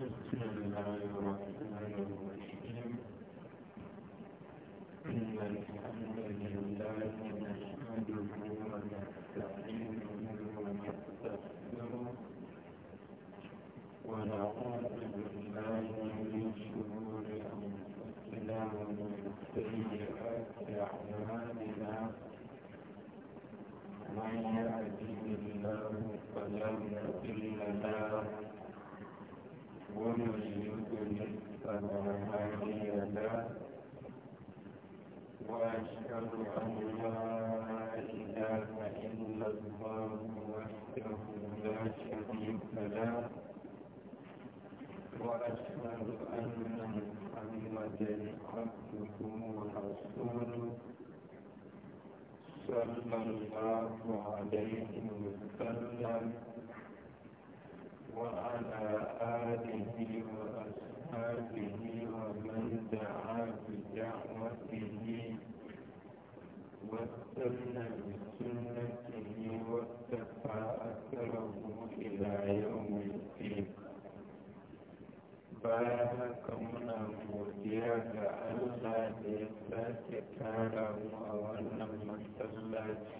بسم الله الرحمن الرحيم إن الحمد لله نحمده ونستعينه ونستغفره ونعوذ الله عليه وسلم وعلى آله وأصحابه ومن دعا بدعوته واستنى بسنته واتبع أثره إلى يوم الدين بارك منا godiya ألا Allah da ya sake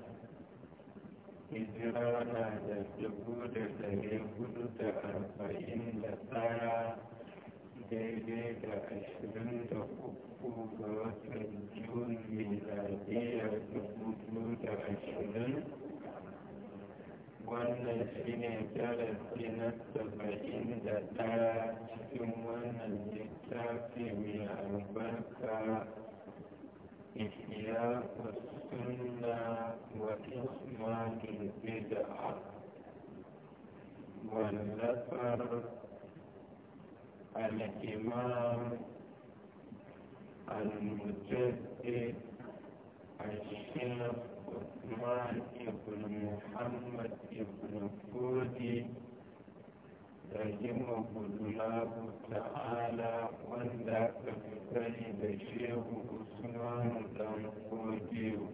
hijira na da dubu da ɗari hudu da arba'in da tsara daidai da ashirin da uku ga watan jun miladiyar dubu biyu da ashirin wannan shi ne darasi na saba'in da ɗaya cikin wannan littafi mai albarka إحياء السنة وإخماد البدعة والنثر الإمام المجدد الشيخ عثمان بن محمد بن فودي yi mabula ta ala wanda ka fi sani da shehu usman dan kogiyo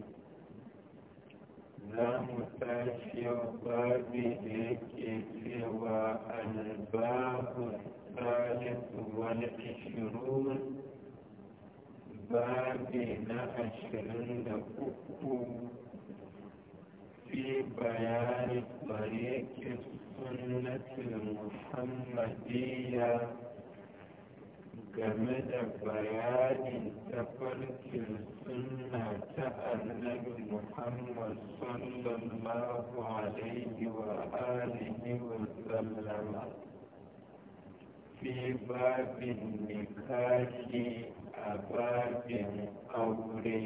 za mu tashi yau babi da yake cewa albabu salisu wani ishirun babi na ashirin da uku fi bayani السنة ya game da bayanin tafarkin suna ta annabi Muhammad sallallahu alaihi wa alihi wa sallama fi babin nikahi a babin aure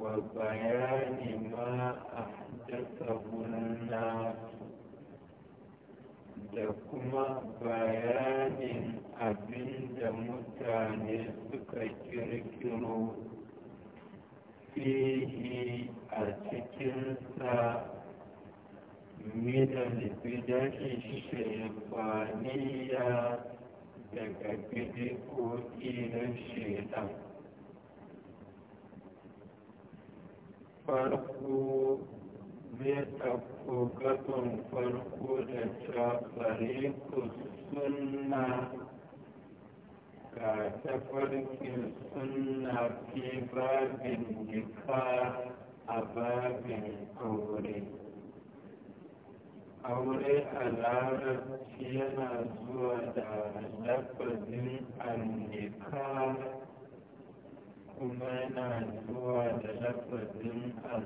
wa bayani ma a تكون da kuma bayanin abin da mutane suka kirkiro fiye a cikinsa minal bidanin shaifaniya daga bidikoki na shaitan farko bisa kogaton farko da ta fare ku suna ga tafarkin suna fi babin jifa a babin aure aure a larabci yana zuwa da lafazin annika kuma yana zuwa da lafazin a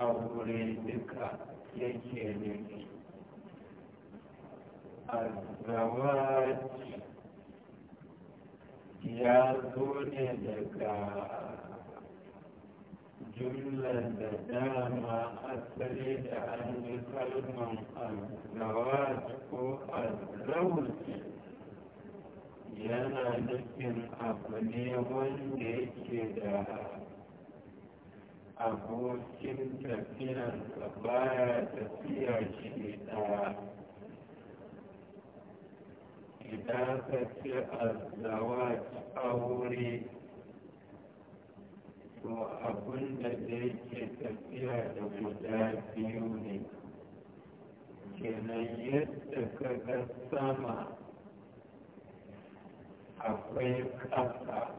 aure duka yake nufi azawar ya zo ne daga jumlar da dama asali da an yi kalman azawar ko azawar yana nufin abu ne wanda yake da abokin tafiyarsa ya tafiya shi ɗaya idan ka ce azawaj aure to abin da yake tafiya da guda biyu ne kenan yadda ka ga sama akwai kasa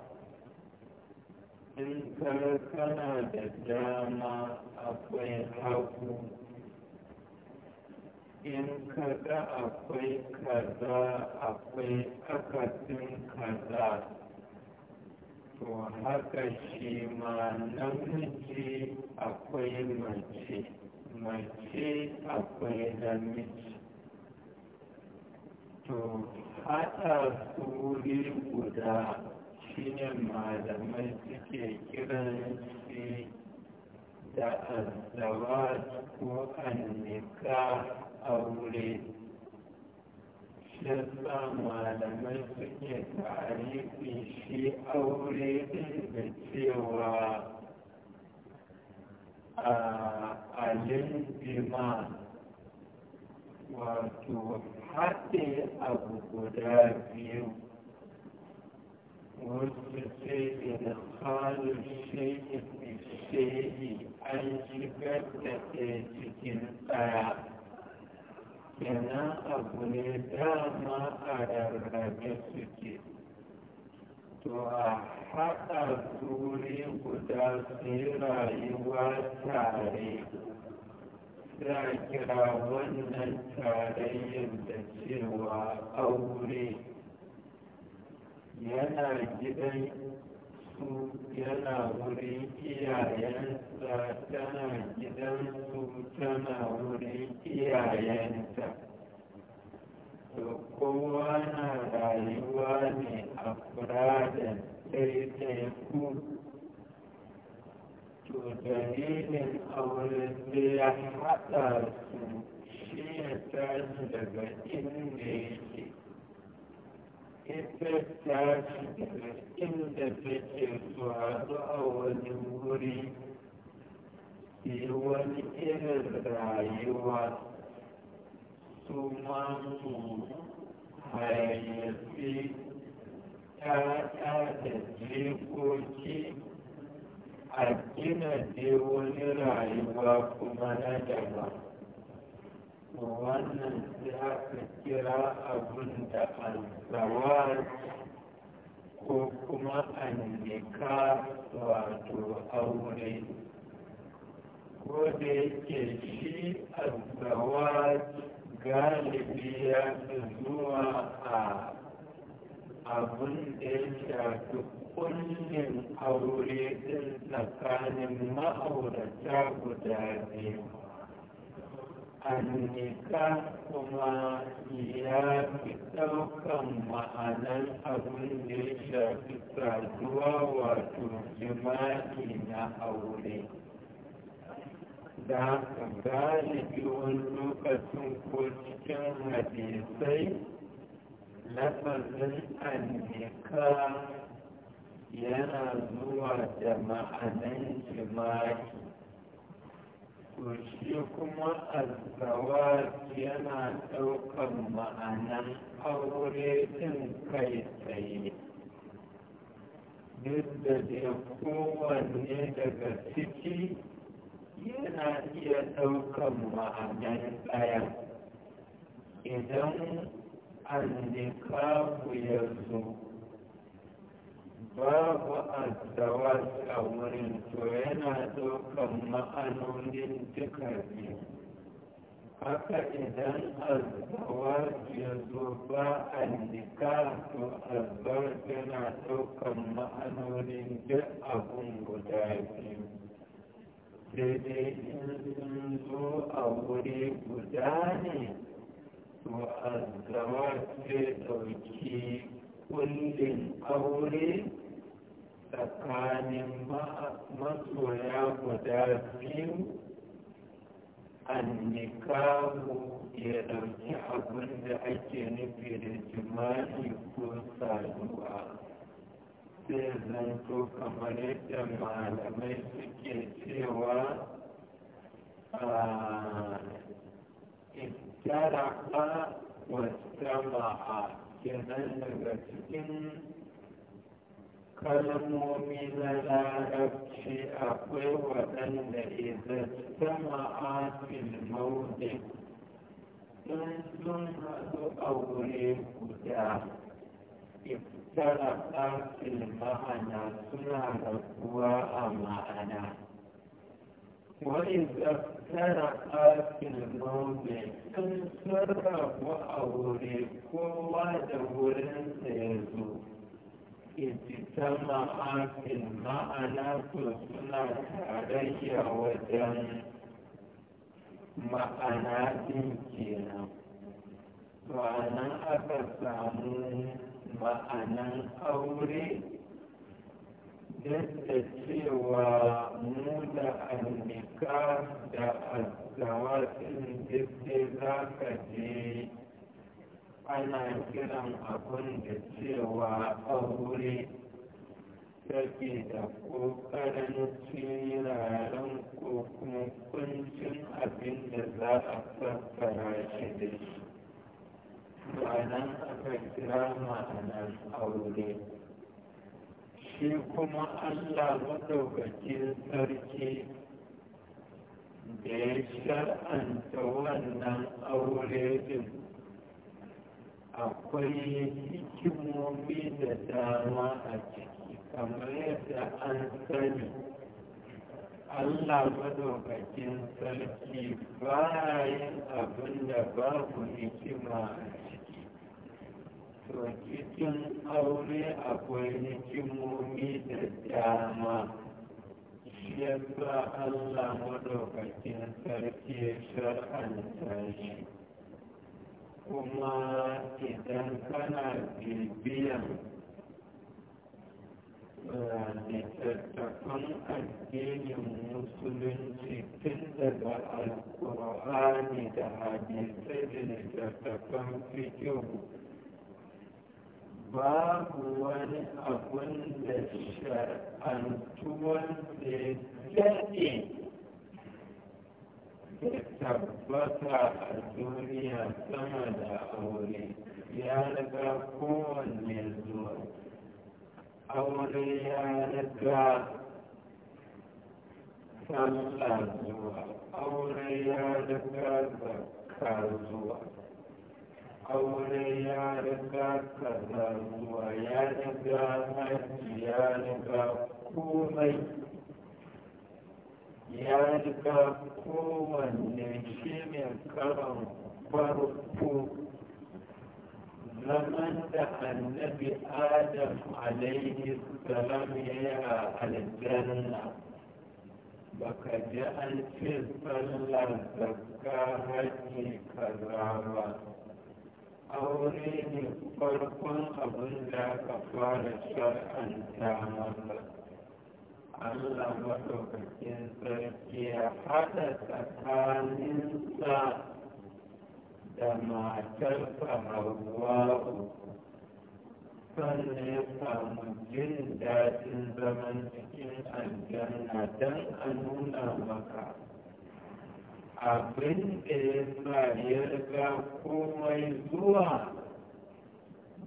in kar kana da dama akwai hagu in kada akwai kaza akwai akasin kaza to haka shi ma namiji akwai mace mace akwai namiji to haɗa su wuri guda shi ne malamai suke kiran shi da azawa ko annika aure shi sa malamai suke tarihi shi aure da cewa a alin biman wato haɗe abu guda biyu wasu sai ilhalu shayi fi shayi an shigar da ɗaya cikin ɗaya kenan abu ne dama a rarrabe suke to a haɗa turi guda su yi rayuwa tare za kira wannan tarayyar da cewa aure yana gidan su yana wurin iyayensa tana gidan su tana wurin iyayensa. to kowa na rayuwa ne a furadan ɗaiɗaiku to dalilin aure sai ya haɗa su shi ya tashi daga inda yake ita tashi daga inda take zuwa a wani wuri yi wani irin rayuwa su mamu hayayyafi ta da jikoki a gina ne wani rayuwa kuma na daba wannan sai aka kira abin da alzawar ko kuma annika wato aure ko da yake shi alzawar galibi ya fi abin da ya shafi kullum aure ɗin tsakanin ma'aurata guda biyu annika kuma ya fi ɗaukan ma'anar abin da ya shafi saduwa wato jima'i na aure da galibi wani lokacin ko cikin hadisai lafazin annika yana zuwa da ma'anan jima'i to shi kuma azawa yana ɗaukar ma'anan aure ɗin kai tsaye duk da dai kowanne daga ciki yana iya ɗaukar ma'anan ɗaya idan annikahu ya zo babu addawa a wurin to yana ɗaukan ma'anonin duka biyu haka idan azawas ya zo ba annikahu azawas yana ɗaukan ma'anonin duk abun guda biyu daidai in sun zo a wuri guda ne mu'azzama zai ɗauki kullin aure tsakanin masoya guda biyu annikahu ya ɗauki abin da ake nufi da jima'i ko saduwa sai zanto kamar yadda malamai suke cewa a جرح واستمع kenan daga cikin kalmomi na larabci akwai waɗanda idan sama afil maudin in sun haɗu a wuri guda iftara afil ma'ana suna rabuwa a ma'ana وإذا كان آكل المومن إن سرب وأوري قوة دورين سيزو اجتمع آكل معنا فسنا علي ودن معنا إنكينا وأنا أتسامو معنا أوري duk da cewa mu da annika da azawatin duk sai za ka je ana kiran abin da cewa aure saboda ko karancin yaren ko kuma kuncin abin da za a fassara shi da shi ma'anan aka kira ma'anan aure shi kuma Allah maɗaukakin sarki da ya shar'anta wannan aure din akwai hikimomi da dama a ciki kamar yadda an sani Allah maɗaukakin sarki ba yin abin da babu hikima a ciki rikicin cikin aure akwai hikimomi da dama yadda Allah madaukakin sarki ya shar'anta shi kuma idan kana bibiyan eh, littattafan addinin musulunci tun daga alkur'ani da hadisai da littattafan fikin babu wani abun da shar'antuwan da ya daɗe da tabbata a duniya sama da aure ya riga kowanne zuwa aure ya riga sallah zuwa aure ya riga zakka zuwa aure ya riga kaza ruwa ya riga haji ya riga komai ya riga kowanne shi mai karon farko zaman da annabi adam alaihi salam ya yi a aljanna baka ji an ce sallar zakka hajji kaza ba aure ne farkon abin da aka fara shar'anta masa Allah maɗaukakin sarki ya haɗa tsakaninsa da matarsa Hawwa'u sannan ya samu jin daɗin zaman cikin aljanna don a nuna maka abin da ya sa ya riga komai zuwa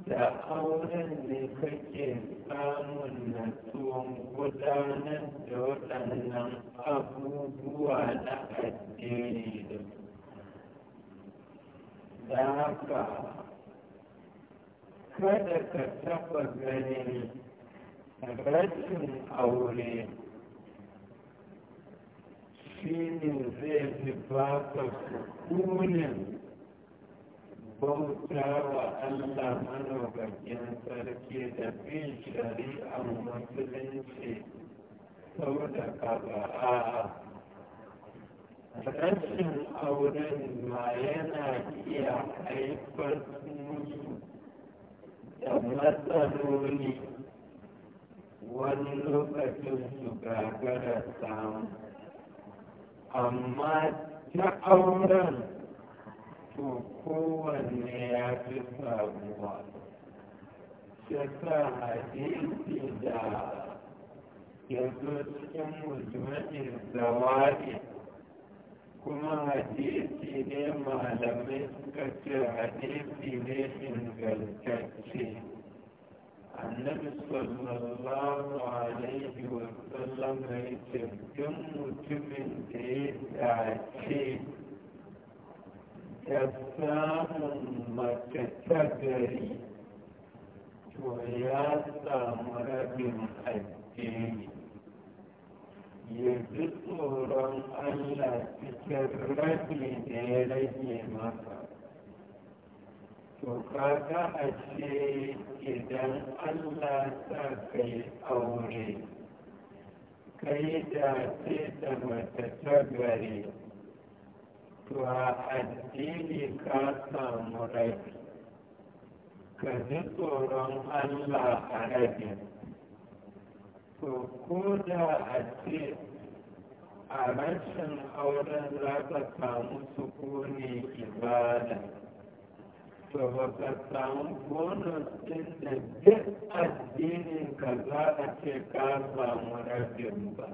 da auren ne kake samun natsuwan gudanar da waɗannan abubuwa na addini da da haka kada ka taɓa ganin rashin aure shi ne zai fi ba ka bauta wa Allah manaukakin sarki da bin shari'ar musulunci sau da kaza a'a rashin auren ma yana iya haifar musu da matsaloli wani lokacin su gagara samu amma ta auren to kowanne ya fi samuwa shekara hadisi da yanzu cikin mujmanin zawari kuma hadisi ne malamai suka ce hadisi ne ingantacce annabi sallallahu alaihi wa sallam ya ce duk mutumin da ya dace da samun mace ta gari to ya samu rabin addini ya ji tsoron allah cikin rabi da ya rage masa to kaga a ce idan allah ta kai aure kai da ce da mata ta gari to a addini ka samu rabi ka ji tsoron allah a rabin to ko da a ce a rashin auren za ka samu sukuni ibada to ba ka samu ɗin da duk addinin ka za a ce ka samu rabin ba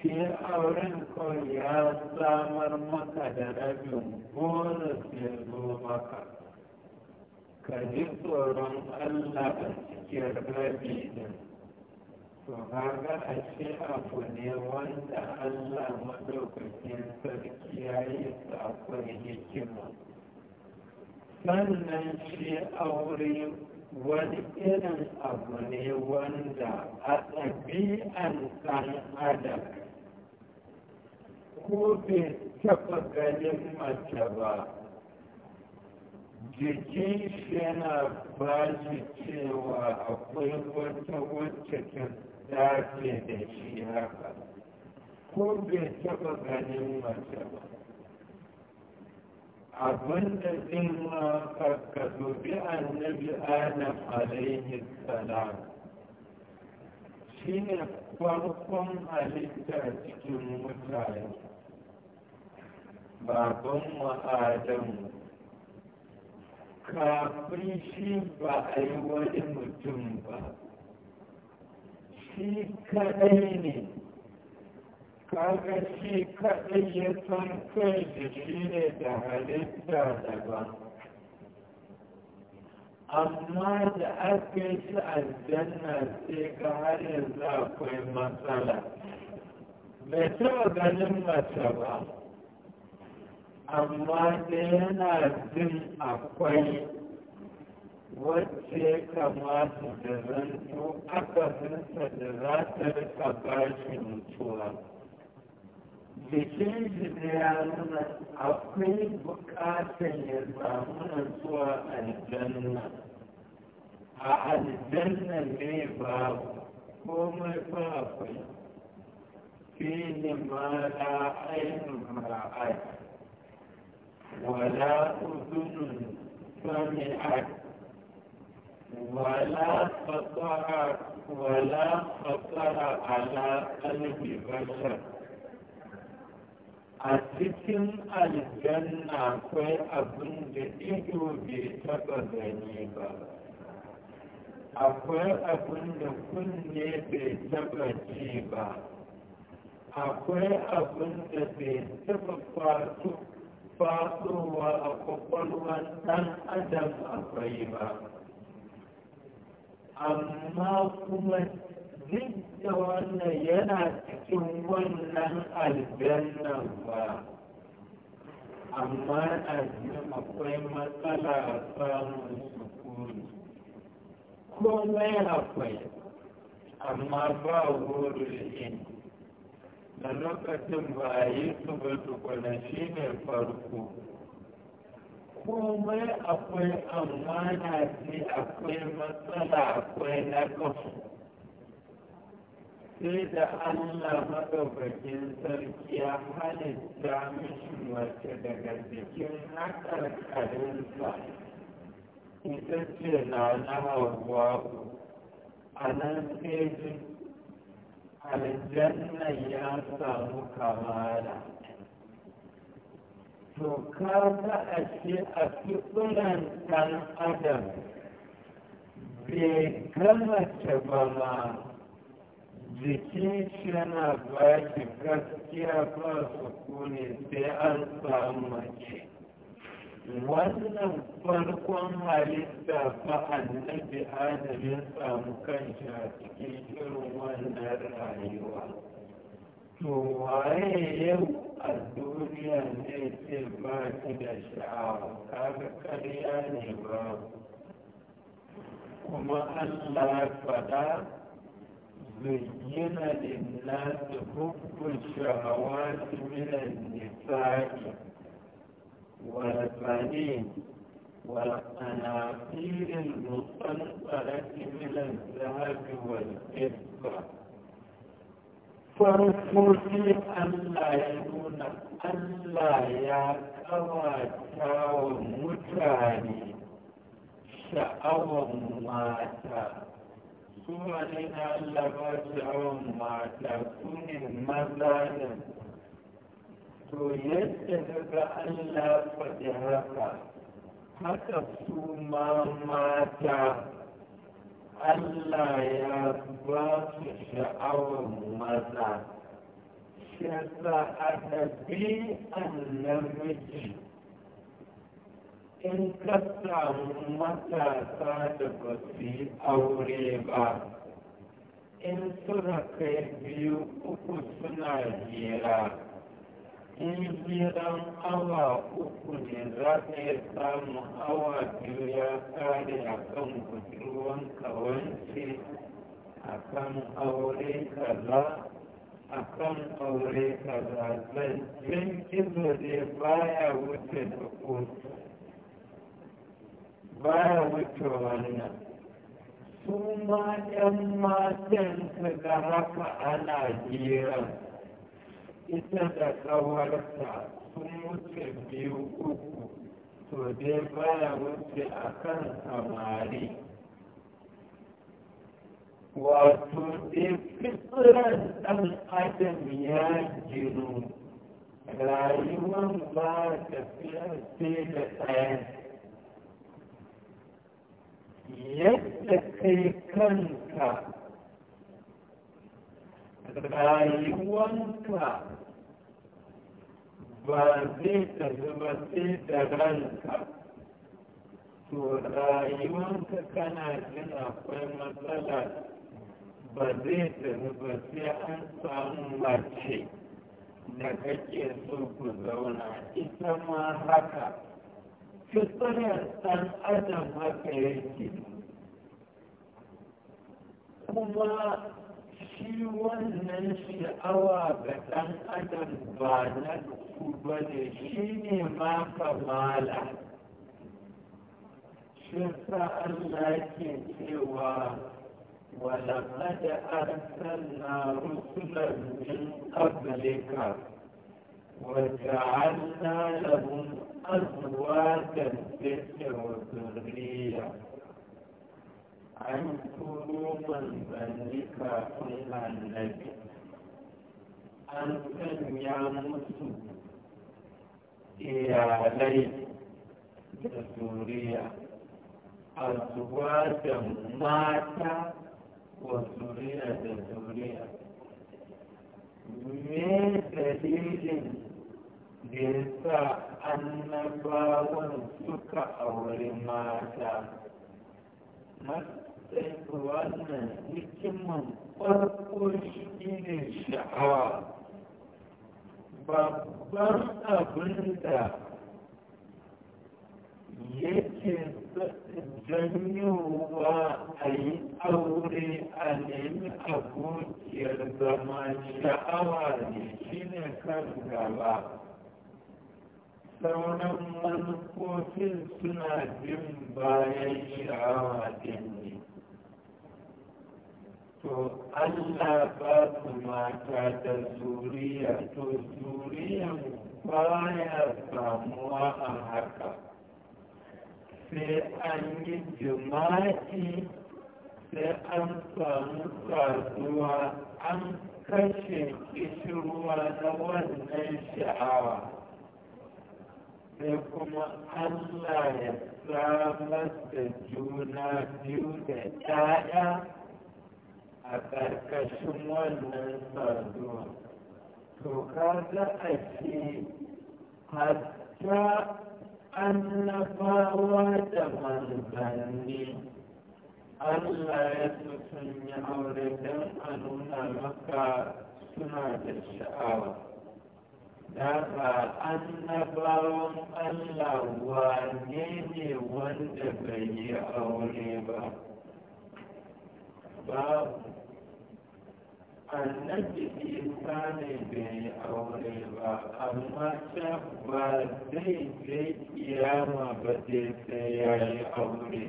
shi auren ko ya samar maka da rabin bonus ya zo maka ka ji tsoron allah a cikin rabi din to kaga ashe abu ne wanda allah maɗaukakin sarki ya yi sa hikima sannan shi aure wani irin abu ne wanda a ɗabi'an ɗan adam ko bai taɓa ganin mace ba jikin shi yana ba shi cewa akwai wata wacce ta dace da shi haka ko bai taɓa ganin mace ba abin da in ma ka dubi annabi adam alaihi salam shi ne farkon halitta cikin mutane baban mu adamu kafin shi ba a yi wani mutum ba shi kaɗai ne kaga shi kaɗai ya san kai da shi ne da halitta daban amma da aka yi shi aljanna sai ga har yanzu akwai matsala bai taɓa ganin mace ba amma da yana jin akwai wacce ya kamata da zanto akasinsa da za ta rika bashi mutuwa da ke ya nuna akwai bukatar ya samu nasuwa aljanna a aljanna ne ba komai ba akwai fili ma la ainihin ra'ai wala uzunin sami'ai ولا خطر ولا خطر على قلب بشر a cikin aljanna akwai abin da ido bai taba gani ba akwai abin da kunne bai taba ji ba akwai abin da bai taba fato a kwakwalwar ɗan adam akwai ba amma kuma duk da wannan yana cikin wannan aljannan ba amma a akwai matsala a samun sukuni komai akwai amma ba wurin in da lokacin ba a yi su ba tukuna shi ne farko komai akwai amana ce akwai matsala akwai na kafu sai da Allah maɗaukakin sarki ya halitta mishi mace daga jikin haƙarƙarinsa ita ce na na a nan sai aljanna ya samu kamala to ka ga ashe a fitunan ɗan adam bai gama ta ba ma jikin yana ba shi gaskiya ba su sai an samu wannan farkon halitta fa annabi adam ya samu kanshi a cikin irin wannan rayuwa to waye yau a duniya ne ce ba shi da sha'awa kaga karya ne ba kuma allah faɗa زين للناس حب الشهوات من النساء والبنين والقناطير المقنطرة من الذهب والفضة فرفضي ألا يكون ألا يا كواتا ومتاني شأوى ماتا kuma ne na Allah ba su awon mata su ne maza ne to yadda daga Allah faɗi haka haka su ma mata Allah ya ba su sha'awar maza shi yasa a ɗabi'an namiji in ka samu matasa da ba su yi aure ba in suna kai biyu uku suna hira in hiran awa uku ne za ka yi samun awa biyu ya kare a kan budurwan kawance a kan aure kaza a kan aure kaza zai jin gizo ne baya wuce da kotu baya wucewa nan su ma ɗan matan su da haka ana jiran ita da ƙawarsa sun wuce biyu uku to dai baya wuce a kan samari wato dai fitiran ɗan adam ya jiru rayuwar ba tafiya sai da ɗayan yadda kai kanka rayuwanka ba zai ta sai da ranka to rayuwanka kana jin akwai matsala ba zai ta zuba sai an samu mace da kake so ku zauna ita ma haka فطرة أن أدم هكذا kuma shi wannan sha'awa ga ɗan adam ba na ku ba ne shi ne ma kamala shi sa Allah ke cewa ولقد أرسلنا رسلا من قبلك وجعلنا لهم أزواجا تسع وذرية عن كلوا من ذلك كل النبي أن كن يا إيالي بسوريا أزواجا مات وذرية ذرية من دليل da ya sa annabawan suka auri mata matsayin wannan hikiman farko shi ne sha'awa babban abin da yake janyowa a yi aure a nemi abokiyar zama sha'awa ne shi ne kan gaba sauran manufofin suna bin bayan sha'awa ne to allah ba su mata da zuriya to zuriyan baya samuwa a haka sai an yi jima'i sai an samu kasuwa an kashe kishirwa na wannan sha'awa sai kuma Allah ya samar da juna biyu da ‘ya'ya a ƙarƙashin wannan saduwa. To, kaga ake hatta annabawa da manzanni. Allah ya sun yi aure don a nuna maka suna da sha'awa. daga annabawan Allah wane ne wanda bai yi aure ba babu annabi isa ne bai yi aure ba amma ta ba zai je kiyama ba sai sai ya yi aure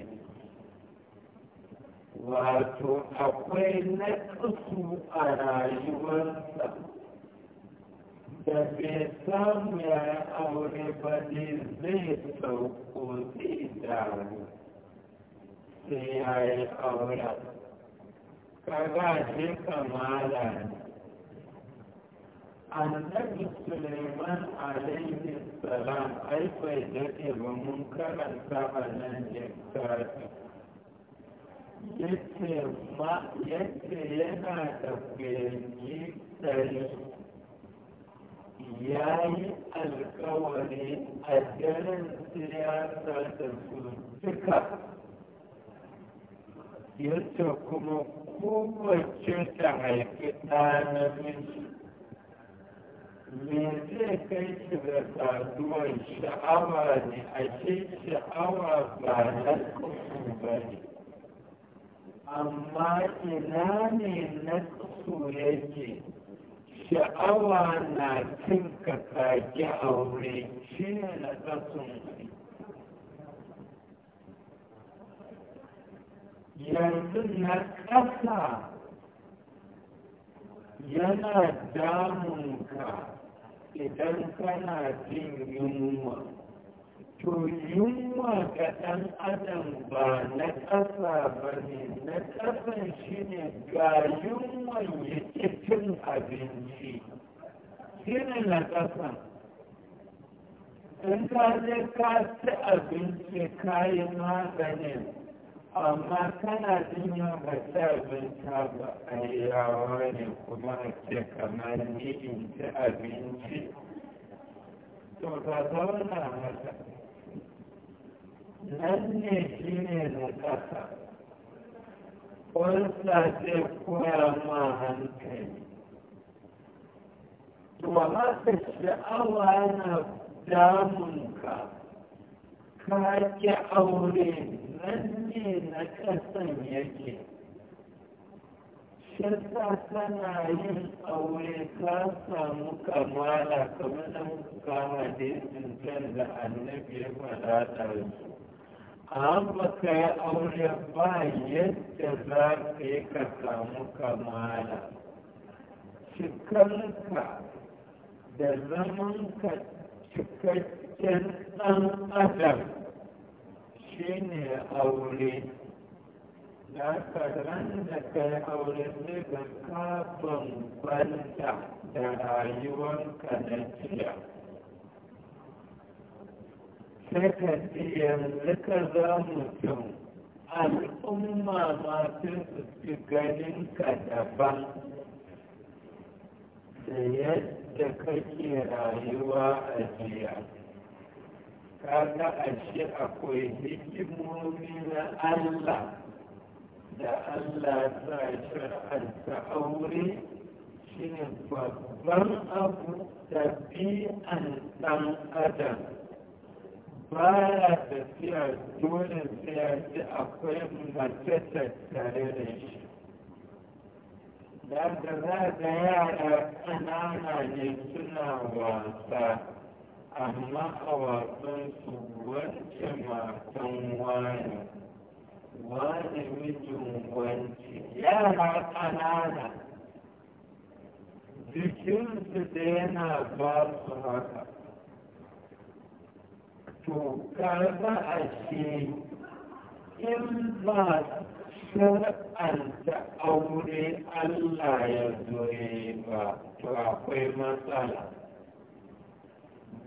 wato akwai na a rayuwarsa जगे समय और बनी देशों को दी जाए से आए और कगा से कमाला अंदर सुलेमान अलैहि सलाम ऐ पर जति वमुन का रास्ता बनन जे कर यत्ते मा यत्ते यना तपे जी तरी ya yi alkawari a ganin siyasa da su duka yace kuma kowace ta haifi ɗa na me zai kai shi da saduwar sha'awa ne a ce sha'awa ba na ba ne amma ina ne na yake sha'awa na cin ka kaki aure shi ne na kasun yanzu na ƙasa yana ka idan kana jin yunwa to yunwa ga ɗan adam ba na ƙasa ba ne na ƙasan shi ne ga yunwan ya ƙi cin abinci shi ne na ƙasa. in ka je ka ci abinci ka yi maganin amma kana jin yau ba ci abinci ba a yawa ne kuma a kamar ni in ci abinci to ka zauna masa nan ne shi ne na ƙasa ƙwarsa ce koya ma hankali to haka sha'awa yana damunka ka ƙi aure nan ne na ƙasan yake shirka tana yin aure ka samu kamala kamar da muka kama da yin da annabi ya faɗa ɗarsu an aure ba yadda za ka yi ka samu kamala cikanka da zamanka cikakken ɗan adam shi ne aure da ka da ka yi aure ne da kafin bambanta da rayuwanka na jiya takan iya zaka za mutum al'umma masu su ganin ka daban da yadda kake rayuwa a jiya kaga ashe akwai hikimomi na Allah da Allah ta shir'anta aure shi ne babban abu ɗabi'an ɗan adam baya tafiya dole sai ya ji akwai mace tattare da shi da da za ga yara ƙanana ne suna wasa amma a wasansu wance matan wani wani mijin wance yara ƙanana jikinsu da yana ba su haka to karɓa a ce in ba shar'anta aure Allah ya zoye ba to akwai matsala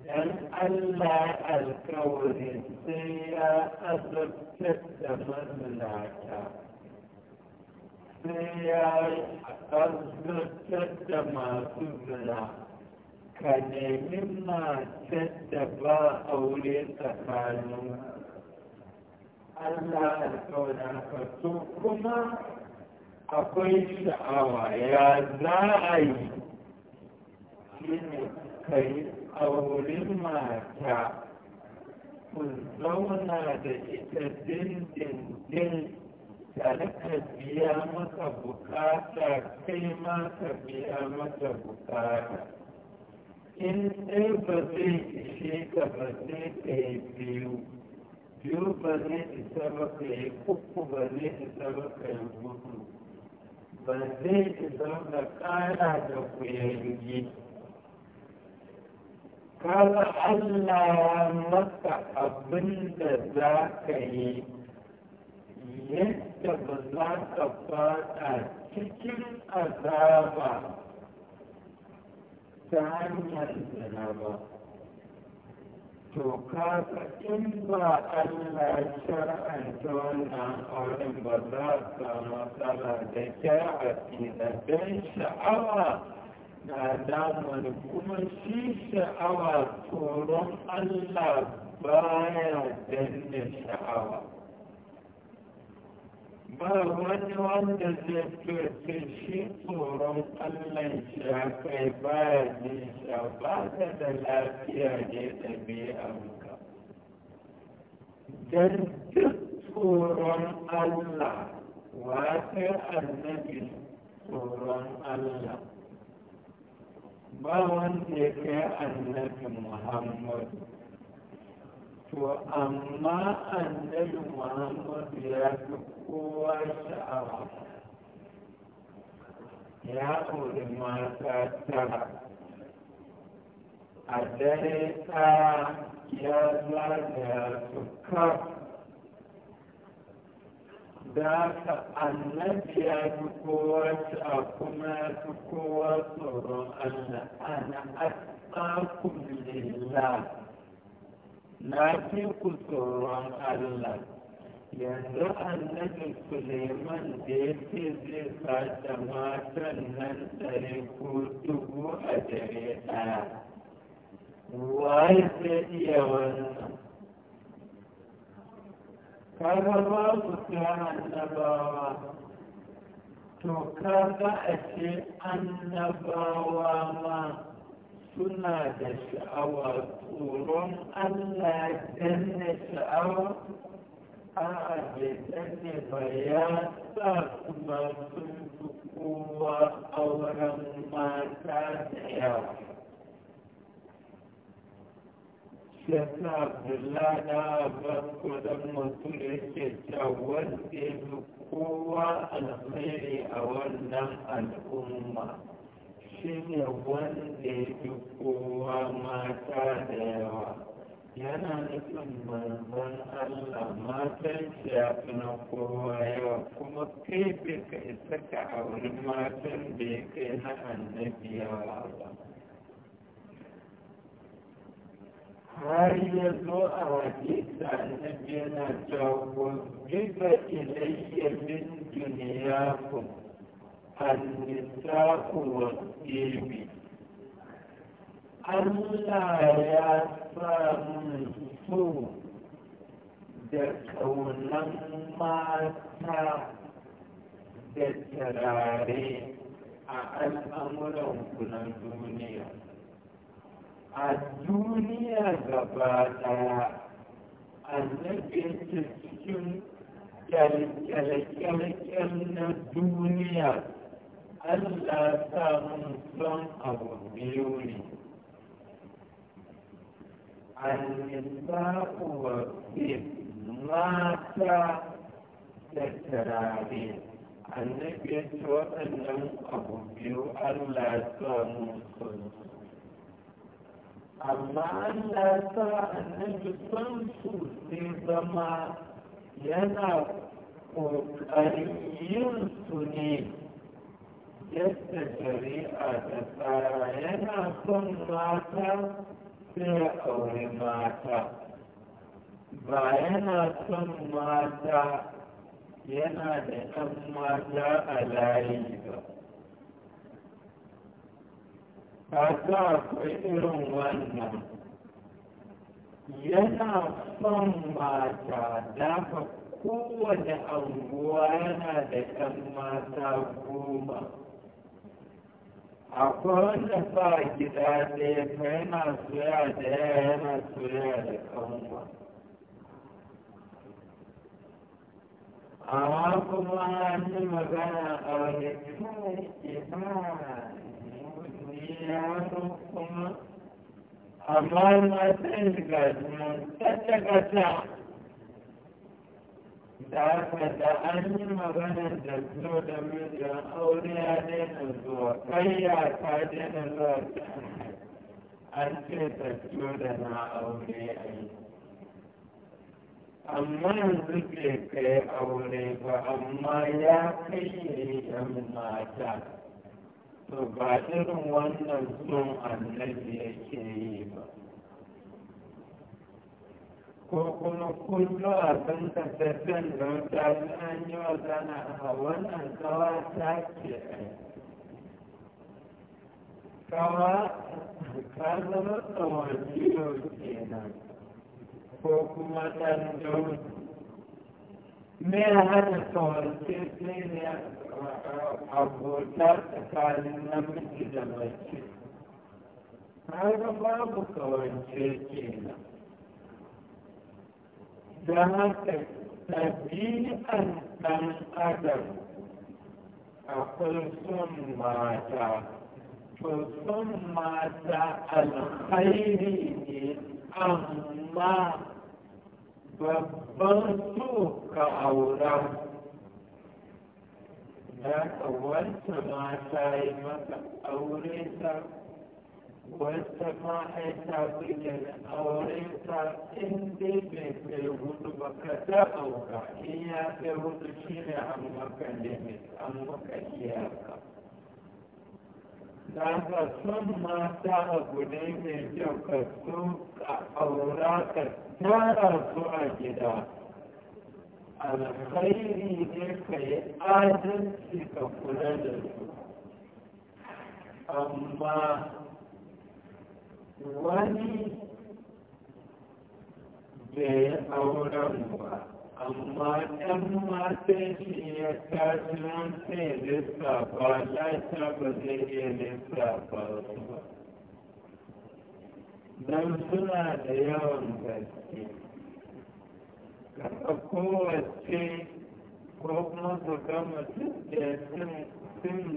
dan Allah alkawari sai ya azabtar da mazinata sai ya azabtar da masu zina ka nemi matar da ba aure tsakanin Allah alkawarin fato kuma akwai sha'awa ya za a yi shi ka yi auren mata ku zauna da ita dindindin tare ka biya maka bukata kai ma ka biya maka bukata in ɗaya ba zai ishe ka ba zai ka yi biyu biyu ba zai isa ba ka yi uku ba zai isa ba ka yi hudu ba zai isa da ƙara da kuyangi kala Allah ya maka abin da za ka yi yadda ba za ka fada cikin azaba ta hanyar zina ba to kaga in ba Allah ya shar'anta wannan auren ba za ta matsala da kyara da don sha'awa na damar kuma shi sha'awa tsoron Allah baya danne sha'awa ba wani wanda zai fito shi tsoron Allah ya kai baya ne sha ba ta da lafiya ne ɗabi'anka don duk tsoron allah wata annabi tsoron allah ba wanda ya kai annabi muhammadu to amma annabi muhammadu ya fi kowa sha'awa ya auri mata tara a dare ɗaya ya zagaya su kaf da ka annabi ya fi kowa sha'a kuma ya fi kowa tsoron allah ana asakun lillah na fi ku Allah yanzu annabi Suleiman da ya ce zai sace matan nan tare ko dubu a dare ɗaya. Waye zai iya wannan? Kaga babu annabawa, to kaga a ce annabawa ma suna da sha'awa tsoron Allah danne sha'awa a bai danne ba ya sa kuma sun fi auren mata da yawa. Shasa Bulana Baskodan mutum yake cewa wanda ya fi kowa alheri a wannan al'umma. shine wanda ya fi kowa mata da yawa yana nufin manzon Allah matan shi na kowa yawa kuma kai bai ka isa ka auri matan da ya kai na annabi yawa ba har ya zo a hadisa annabi yana cewa ko giba ilayya min duniyakum النساء والإبل Allah ya samu so da ƙaunar mata da tarare a al'amuran na duniya. A duniya gaba ɗaya, annabin cikin kyalkyalkyalkyal na duniya Allah sa mun son abu biyu ne annisaku wa mata da turare annabi ya ce waɗannan abu biyu Allah sa mun son amma Allah sa annabi son su sai zama yana ƙoƙarin yin su ne yadda jari'a ta tsara yana son mata sai aure mata ba yana son mata yana da ɗan mata a layi ba kasa kai irin wannan yana son mata dafa kowane anguwa yana da ɗan mata goma akwai wanda ba gida ɗaya fa yana soya da yaya yana soya da kanwa amma kuma an magana a wani kai ke ba ya kuma amma na sai ga jinan ta ta da haka da an yi maganar da zo da mijin aure ya daina zuwa kai ta daina zuwa an ce ta zo da na aure a yi amma yanzu bai kai aure ba amma ya kai ya yi yan mata to ba irin wannan son annabi yake yi ba ko kuma kullo a kan tattafen da mutane an yi wa zana a wannan kawa ta ke kawa ka zama tsawon kilo kenan ko kuma ɗan don me hana tsawon kilo ne abota tsakanin namiji da mace har babu kawance kenan da haka ɗabi'an ɗan adam akwai son mata to mata alkhairi ne amma babban so ka aura da ka wanta mata yi maka aure ta والسماح تابين الأوريسا إندي بيت الهدو بكتا أوكا إياك الهدو شين son mata abu mai kyau ka ka aura ka a gida. Alkhairi ne ka yi adalci ka kula da su. Amma wani bai auren ba amma ɗan matan shi ya tashi nan sai lissafa lata ba zai iya lissafa ba don suna da yawan gaske kasa kowace ko kuma su gama duk da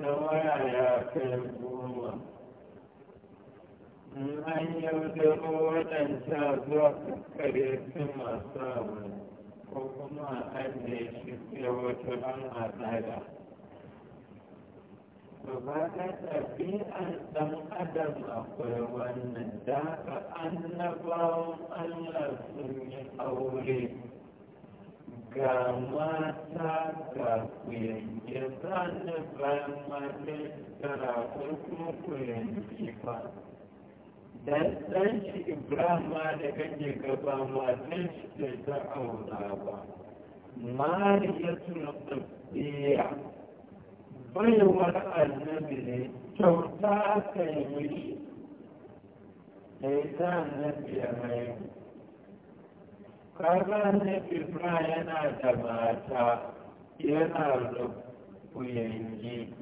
da waya ya kai goma an yaudaro waɗanda zuwa kare su masu abu ko kuma an ne shi sai wata ran a tsada. Gabata ɗabi'ar ɗan adam akwai wannan da aka annabawan Allah sun yi aure ga mata ga kuyanke za ni bayan mata tara ko kuma kuyanke ba. dan dan shi ibrahim da kake gaba ma dan shi da ta auna ba mariyatu tafiya baiwar annabi ne kyauta ta yi mishi da ita annabi ya mai kaga ne ibrahim yana da mata yana da kuyangi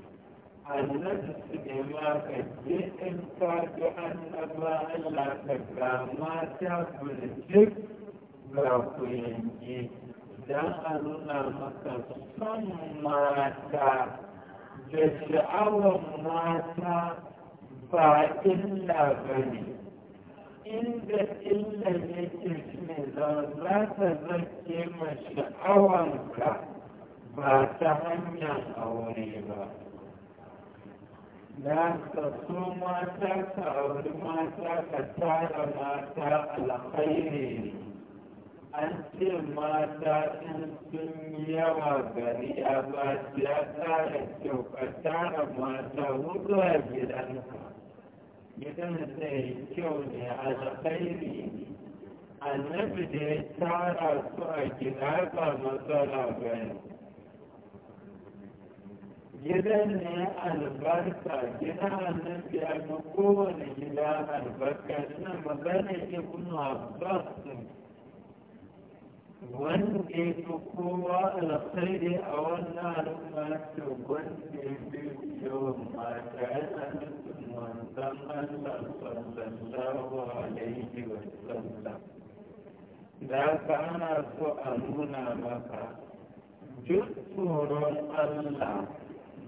annabi suleiman ka je in mata son mata da sha'awar mata ba illa ba inda illa yake ne za ma ba ta hanyar aure ba Na ka so mata ka auri mata ka tara mata ne. an ce mata in sun yawa gari a ba ya tsara kyau ka tara mata hudu a gidanka gidan zai kyau ne a ne annabi da ya tara su a gida ba matsala ba ne gidan ne albarka gina annabi ya ga kowane gida albarka suna magana ke ibn abbas wanda ya fi kowa alkhairi a wannan al'umma ce wanda ya fi yawan mata yana nufin manzan Allah sallallahu alaihi wa sallam da haka ana so a nuna maka duk tsoron Allah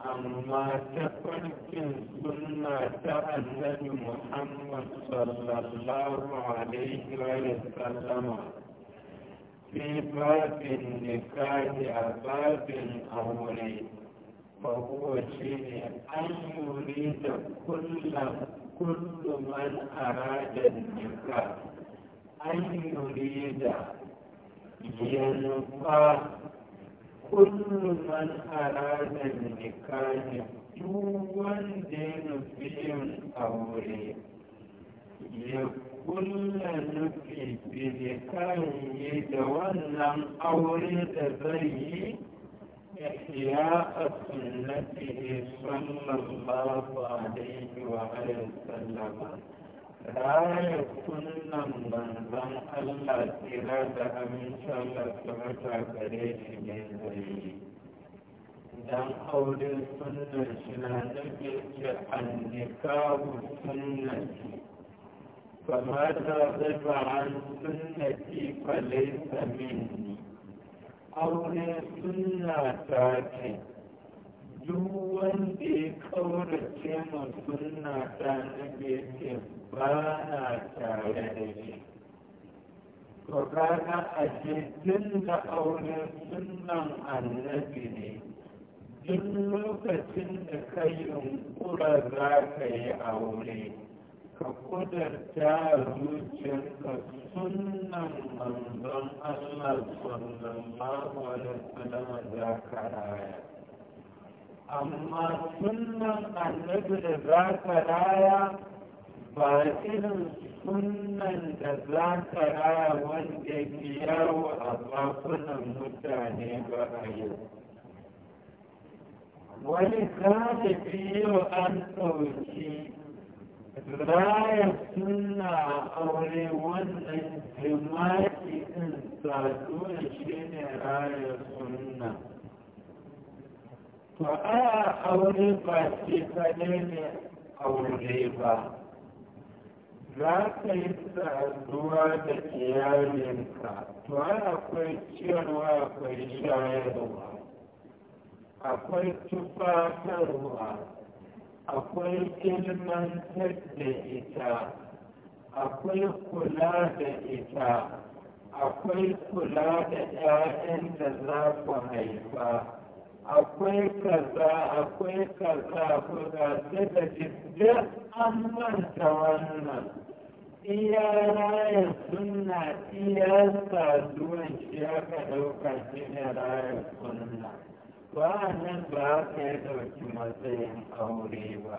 amma ta farkin suna ta annabi muhammad sallallahu alaihi wa sallama fi babin nikahi a babin aure fahuwa shi ne an yuri da kullum man aradar nikah an yuri da yanfa kullum man arada nikahi duk wanda ya nufi yin aure ya kulla nufi bilikahi da wannan aure da zai yi إحياء سنته صلى الله عليه وآله وسلم raya kunnan manzan Allah tsira da aminci Allah sabata gare shi ne zai dan aure sunnan shi na nake ce an nikahu sunnati فما تغضب shi سنتي فليس ni. aure suna ta ce duk wanda ya kaurace ma suna ta nake ce ba na tare da shi to kaga a jikin da auren sunan annabi ne duk lokacin da ka yunkura za ka yi aure ka kudurta a zuciyarka sunan manzon Allah sallallahu alaihi wasallam za ka raya amma sunan annabi da za ka raya ba irin sunan da za ta raya wanda ke yawo a bakunan mutane ba a yau wani galibi yau an ɗauki raya suna aure wannan jima'i ɗin saduwa shi ne raya suna a aure ba shi kaɗai ne aure ba za ka yi saduwa da iyalinka to akwai ciyarwa akwai shayarwa akwai tufatarwa akwai ilmantar da ita akwai kula da ita akwai kula da 'ya'yan da za ku haifa akwai kaza akwai kaza akwai da jirgin an manta wannan iya raya suna iya saduwan shi aka ɗauka shi ne raya suna ba nan ba aka yi ɗauki matsayin aure ba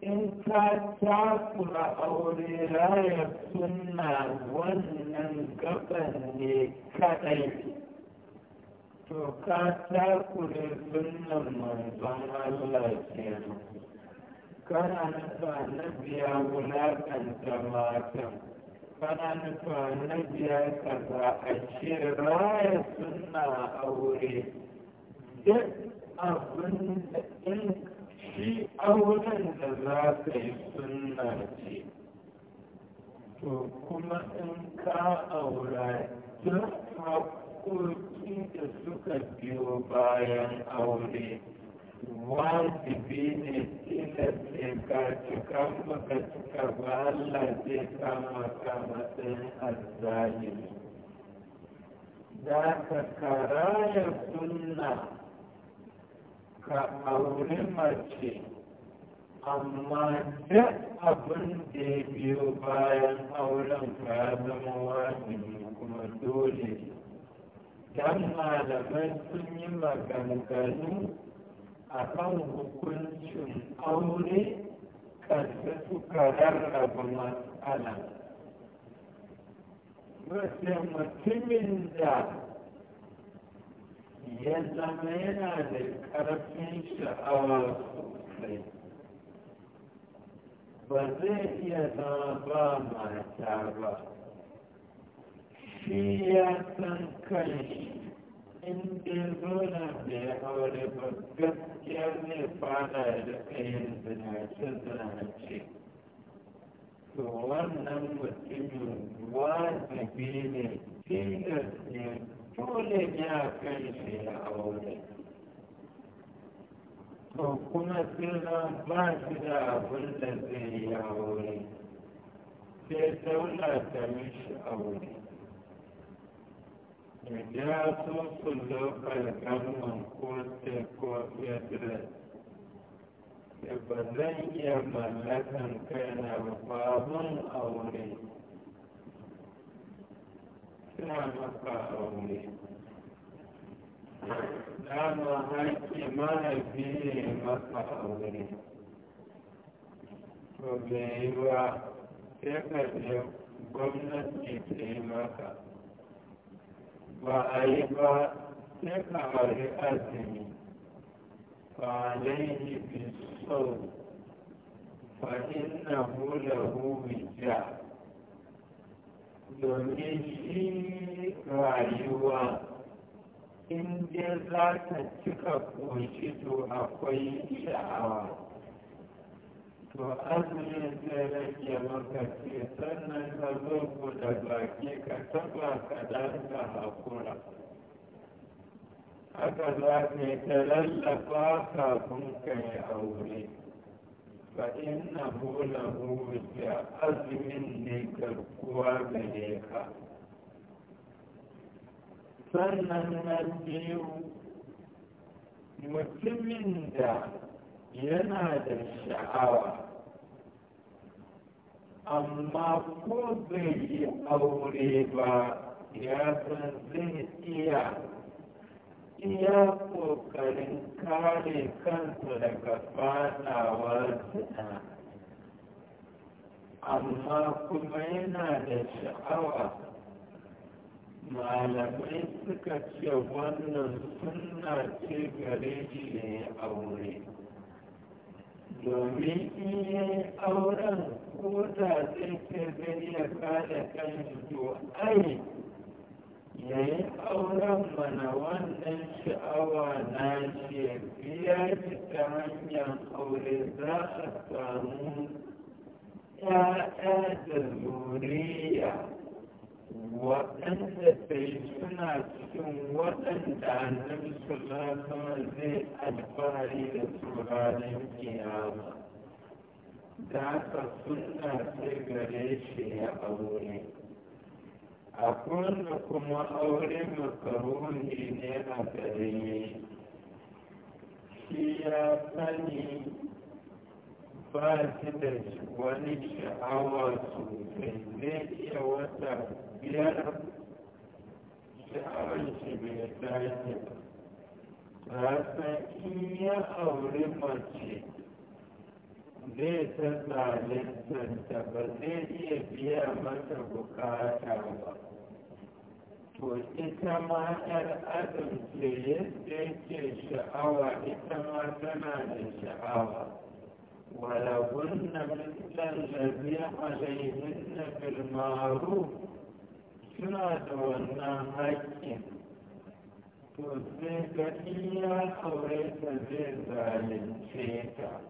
in ka takura aure raya suna wannan gaban ne kaɗai to ka takure sunan manzon Allah kenan kana nufa annabi ya wulakanta matan kana nufa annabi ya kaza a ce raya suna aure duk abin da in shi auren da za ka yi suna ce to kuma in ka aura duk haƙoƙi dokoki da suka biyo bayan aure wajibi ne tilaste ka cika maka cika ba Allah zai kama ka matsayin azzalimi za ka karaya sunna ka aure mace amma duk abin da ya biyo bayan auren ka zama wajibi kuma dole don malamai sun yi maganganu a kan hukuncin aure kasa suka rarraba matsala. Wasu mutumin da ya zama yana da ƙarfin sha'awa sosai. Ba zai iya zama ba mata ba. shi ya san kai in dai zona da ya aure ba gaskiya zai fada da kayan zinace-zinace to wannan mutumin wajibi ne tilas ne dole ya kai shi ya aure to kuma sirra ba shi da abin da zai yi aure sai daula ta mishi aure ya so su lokacin mankote ko yadda da ba zan iya mallakan kaina ba babin aure suna maka aure dama haƙƙi mahaifi ne maka aure to bai yi ba sai ka je gwamnati ta yi maka ba a yi ba sai kawai azumi فعليه بالصوم فإنه له وجاء domin shi rayuwa in dai za ta cika ƙunshi to akwai sha'awa to azumi zai rage maka ce sannan ka zo da baki ka taba ka dan haka za ka ta lallafa kafin ka yi aure fa inna hula hujja azumin ne garkuwa gare ka sannan na biyu mutumin da yana da sha'awa amma ko bai yi aure ba ya san zai iya iya kokarin kare kansa daga fadawa zina amma kuma yana da sha'awa malamai suka ce wannan suna ce gare shi ne aure domin iya auren ko da zai ce zai iya kan to ai ya yi auren mana wannan sha'awa na shi biya ta hanyar aure za a samu ya'ya da zuriya waɗanda sai suna cikin waɗanda annabi sallallahu zai alfahari da su ranar kiyama da haka suna sai gare shi ya aure akwai wanda kuma aure makaroni ne a gare ne. shi ya sani ba shi da wani sha'awa sosai zai iya wata بيانا شعرن شبيتا يتبا راسا إيا أولي مرشي zai ta zalintanta ba zai iya biya mata bukata ba. To ita ma ‘yar adam ce yadda yake sha'awa ita ma tana da sha'awa. ولهن مثل الذي عليهن بالمعروف suna da wannan haƙƙin to sai ga iya aure ta zai zalunce ta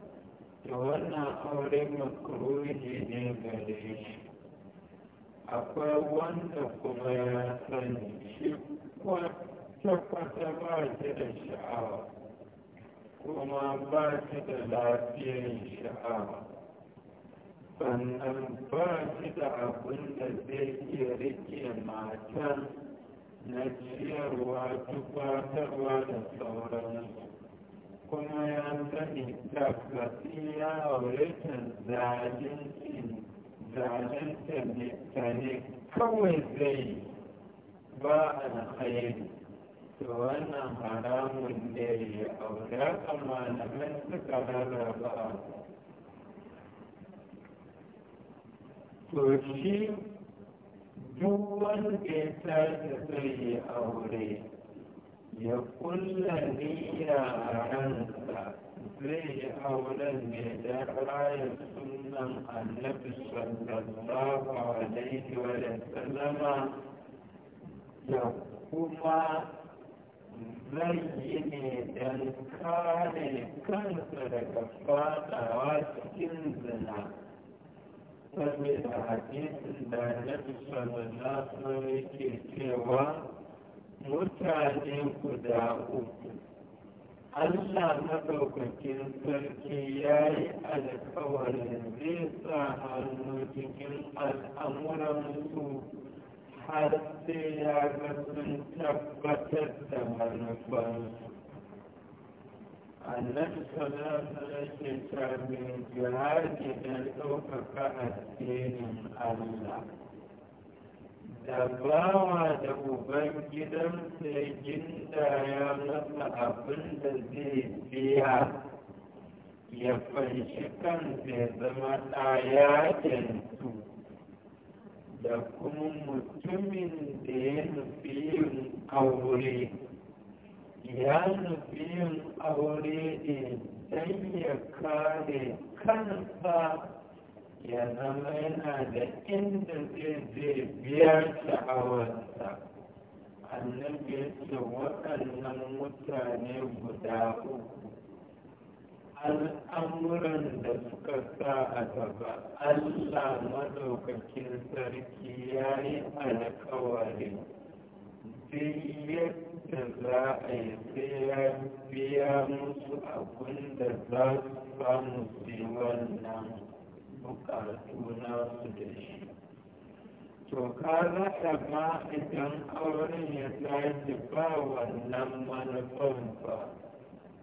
da wannan aure makaruhi ne gare shi akwai wanda kuma ya sani shi kwata ba shi da sha'awa kuma ba shi da lafiyar sha'awa sannan ba shi da abin da zai iya rike matar na ciyarwa tufatarwa da sauransu kuma ya sani tabbati ya aure ta ne ta ne kawai zai ba alkhairi to wannan haramun da ya aure amma na suka rarraba to shi duk wanda ya tashi zai yi aure ya kulla niyya a ransa zai yi auren ne da raya sunan annabi sallallahu alaihi wa sallama da kuma zai yi ne don kare kansa daga fadawa cikin zina saboda hadisin da Annabi sallallahu alaihi yake cewa mutane guda uku Allah madaukakin sarki ya yi alkawarin zai sa hannu cikin al'amuransu har sai ya ga sun tabbatar da manufansu. annabi sallallahu alaihi wasallam min jihadi dan ɗaukaka addinin Allah da bawa da uban gidansa ya gindaya abin da zai biya ya fanshi kansa ya zama ɗaya su da kuma mutumin da ya nufi yin aure ya nufi aure ne don ya kare kansa ya zama yana da inda zai zai biyar sha'awarsa annabi ya ce waɗannan mutane guda uku al'amuran da suka sa a gaba allah madaukakin sarki ya yi alkawari zai da za a yi biya musu abin da za su samu su nan, wannan na su da shi to ka ma idan auren ya tashi ba wannan manufan ba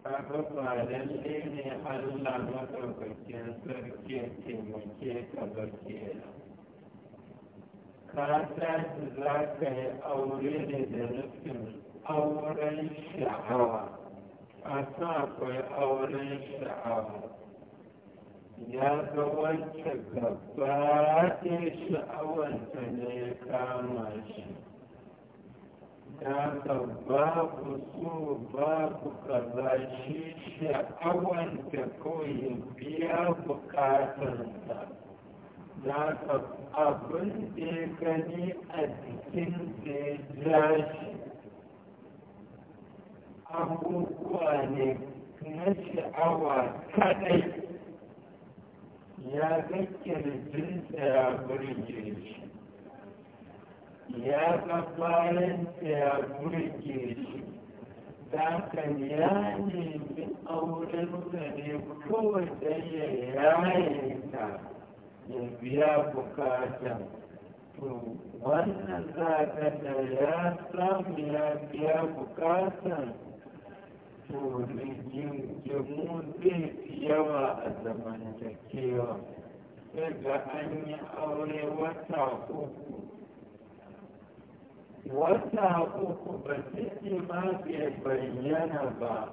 kaga ba lalle ne allah maɗaukakin sarki taimake ka ba kenan ka tashi za ka yi aure ne da nufin auren sha'awa a sa akwai auren sha'awa ya ga wacce gaba sha'awar sha'awarta ne ya kama shi ya ga babu so babu kaza shi sha'awarta kawai biya bukatarsa Ya ka abin da ya gani a jikin da ya ja shi abubuwa ne na sha'awa kadai ya ga kirjinsa ya burge shi ya ga ya burge shi dakan ya nemi auren ne kowai daya ya yaye ta ya biya bukata to wannan zaɓen da ya samu ya biya bukatan to rigingimu zai yawa a zamantakewa sai ga an yi aure wata uku wata uku ba ciki ma bai bayyana ba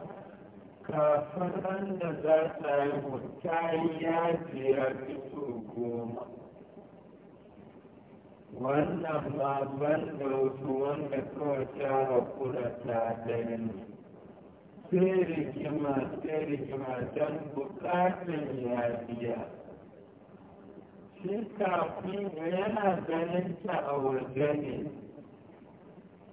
kafin da za ta yi mutayi ya fito goma wannan ma ban da wasu wanda kawai ta haƙura ta ɗaya sai rigima sai rigima don bukatar yafiya shi kafin yana ganin ta a waje ne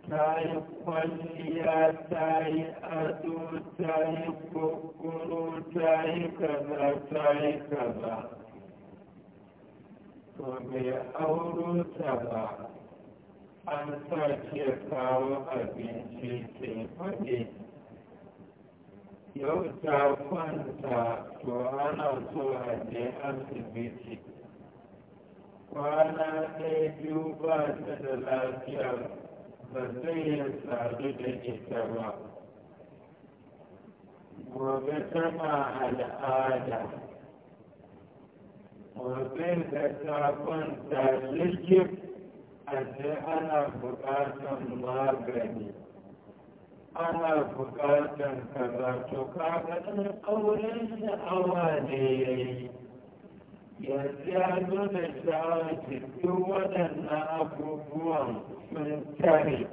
ta yi kwalliya ta yi ado ta yi kokoro ta yi kaza ta yi kaza to bai auro ta ba an sa ke kawo abinci sai faɗi yau ta kwanta to ana zuwa ne asibiti kwana ɗaya biyu ba ta da lafiya ba zai yi sadu da ita ba gobe tana al'ada gobe da ta kwanta likif a ana buƙatar magani ana bukatar kaza to kaga ɗan ƙaurin da awa ne ya yi yanzu ya nuna sha'awar duk waɗannan abubuwan sun tare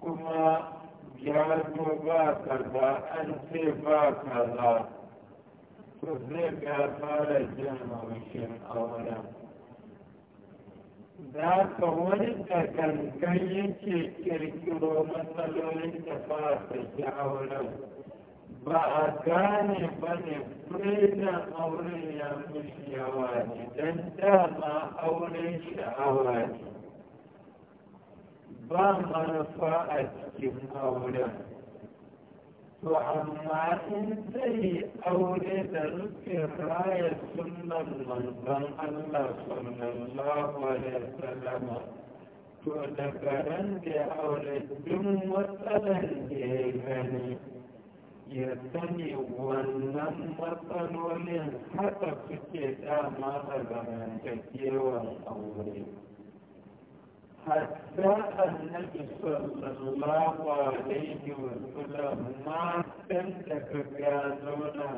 kuma ya zo ba kaza an ce ba kaza to zai ga fara jin haushin auren za ka wani da gangan yake kirkiro matsalolin da ba su ba a gane ba ne na auren ya mushi yawa ne don dama auren sha'awa ne ba manufa a cikin auren to amma in zai aure da rufin raya sunan manzon Allah sallallahu alaihi wasallam to daga ran da ya aure duk matsalan da ya gani ya sani wannan matsalolin haka suke dama daga mantakewan aure. حتى النبي صلى الله عليه وسلم ما تنتك كازونا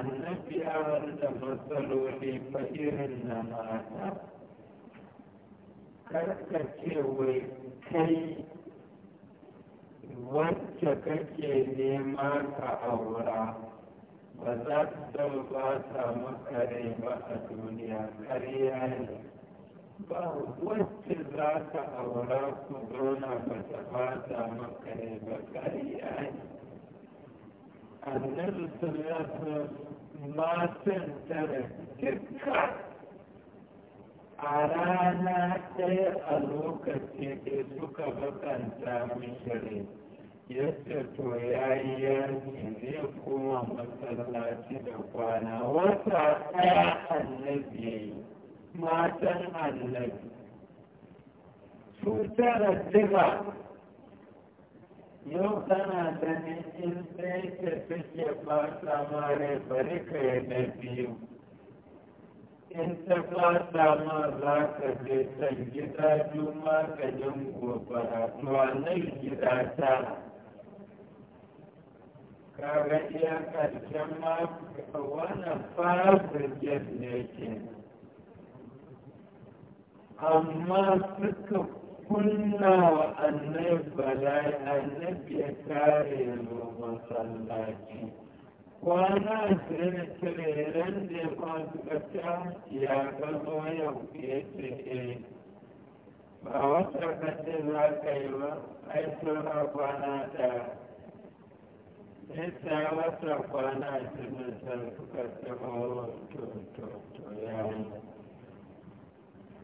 النبي أرد فصلوا لي فإرنا ماتا كركتوي كي wacce kake nema ka aura ba za ta ba ta maka ba wacce za ka aura ku zauna ba ta fata maka ne ba ƙarya ne annabi sallallahu matan tara dukka a rana ɗaya a lokaci da suka bakanta mishire yadda to ya yi yanki zai kuma masallaci da kwana wata ɗaya annabi ya yi matan annabi cutar diga yau tana ganin in sai ta take fata mare bari ka yi na biyu in ta fata ma za ka je ta gida juma ka jin gobara gida ta kaga iya ƙarshen ma wannan fara ne kenan amma suka kunna wa annabi bala'i annabi ya kare yanzu masallaci kwana sai cire ran da ya kwasu kasa ya gano yau ya ce eh ba wata kasa za ka yi ba ai saura kwana ta. ɗaya Ita wata kwana ashirin sai suka taɓa to to to ya yi.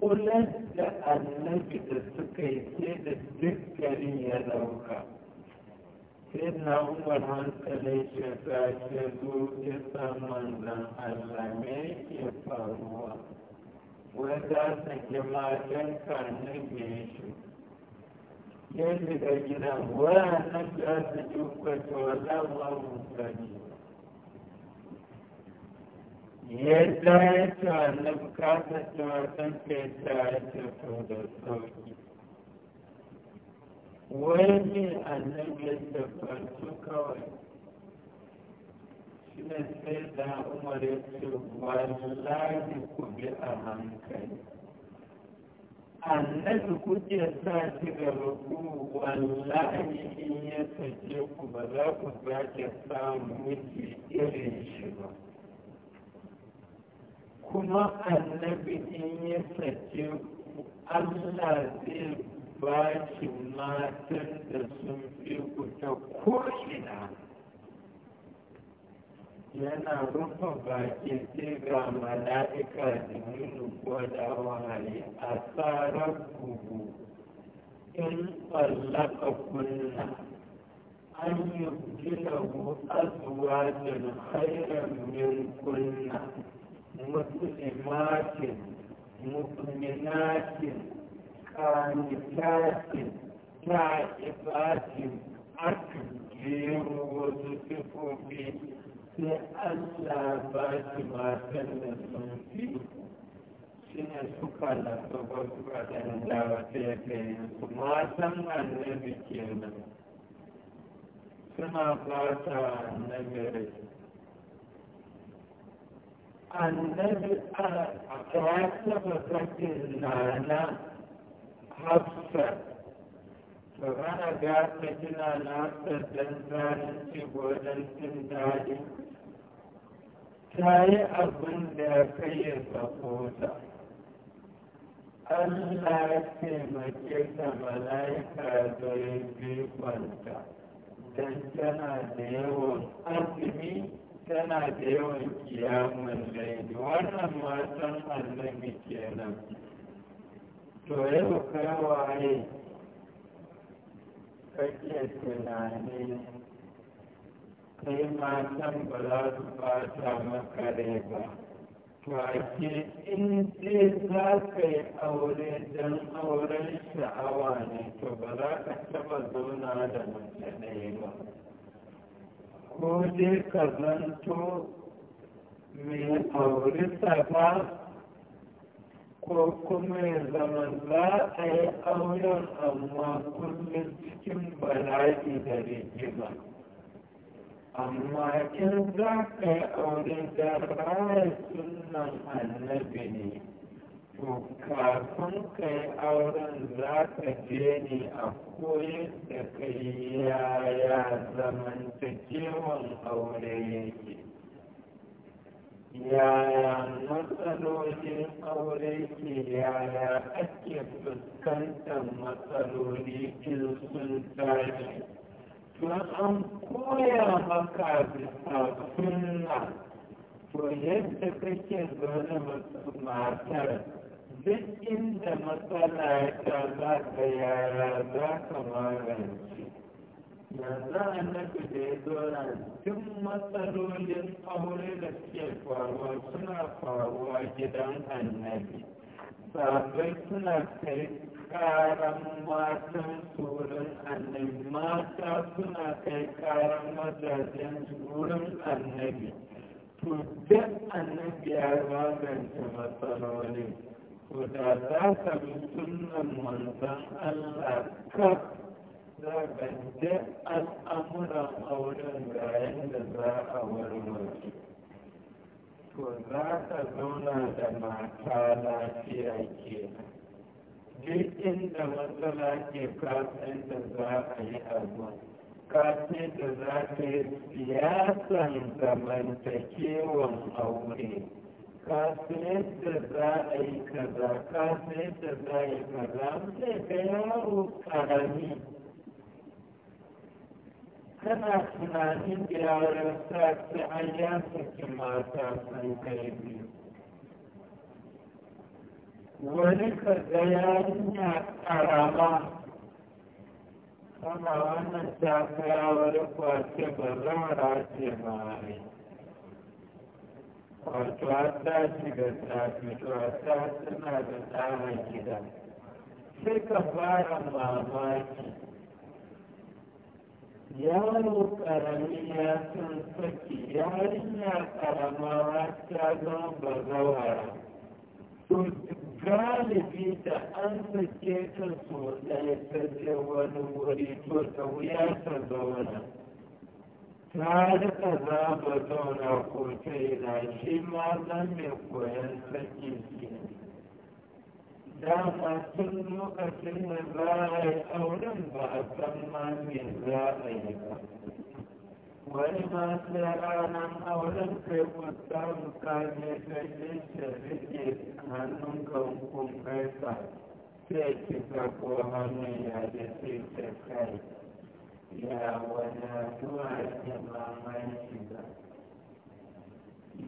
kulan da annabi da suka yi sai da dukkanin ya dauka sai na umar hankalin shi ta ce zo ya saman zan allah ya faruwa wai za su ke matan karni me shi yadda ga gida wa na za su ji kwacewa za mu sani yadda ya ce annabi kasa ce wasan ce ya ce to da sauki wai ne annabi ya ce farko kawai shi ne sai da umar ya ce wallahi ku bi a hankali annabi kuke sa shi gaba ku wallahi in ya sace ku ba za ku sake samun miki irin shi ba kuma annabi in ya sake ku Allah zai ba shi matan da sun fi ku ta ko'ina yana rufe baki sai ga mala'ika da nuna gwada wahayi a tsarar kugu in tsallaka kunna an yi gina azwa da khairan min kunna مسلمات مؤمنات قانتات تائبات أكبر وتصفوا به لألا بات ما تنسوا فيه shine suka da tsohon suka da dawa ta ya kai su matan annabi kenan suna fata na annabi ta taɓa sakin nana hafsa to ana ga ta kina na hafsa zanen zalunci ko cin daɗi ta yi abin da ya kai ya sakota Allah ya taimake ta mala'ika da ya bi kwanta don tana da yawan azumi tana da yawan kiyamun laili wannan matan annabi kenan to yau kai waye kake tunani kai matan ba za su fata maka rai ba to ake in dai za ka yi aure don auren sha'awa ne to ba za ka taba zauna da mace ɗaya ba ko dai ka zanto mai aure ba ko kuma ya zama za a yi auren amma kullum cikin bala'i da rigima amma in za ka yi aure da raya sunan annabi ne to kafin ka yi auren za ka je ne a koyar da kai yaya zamantakewan aure yake yaya matsalolin aure ke yaya ake fuskantar matsaloli in sun tashi an koya maka bisa sunna to yadda kake zaune matar duk inda matsala ta za ka yara za ka magance yanzu annabi da ya zora duk matsalolin aure da suke faruwa suna faruwa gidan annabi sabai suna kai karan matan tsoron annabi mata suna kai karan mazajen wurin annabi to duk annabi ya magance matsalolin Guda za ka bi sunan manzan Allah kaf za ka je al'amuran auren ga yadda za a warware to za ka zauna da mata lafiya ke duk inda matsala ke kasan da za a yi abu kasan da za ka yi siyasan zamantakewan aure ka sayar da za a yi kaza ka sayar da za a yi kaza sai ga yaro karami kana tunanin da yaron sa ta an ya saki mata sun kai biyu wani kaga yarinya karama kama wannan ta kai yawar kwace ba zama race ma rai wato har ta shiga safi ta suna da tsarin gida sai ka fara mamaki yaro karami ya san saki yarinya karama ta zama bazawara to galibi da an sake ta so ɗaya ta je wani wuri to ta wuya ta zauna tare da za ba zauna ko ta ina shi ma zan mai koyon sake ke dama tun lokacin da za a yi auren ba a san ma me za a yi ba wani ma sai ranar auren kai ku samu kame kai ne ta rike hannun kan kun kai sai kika ko hannun ya da sai ta kai ya zuwa da mamaki ba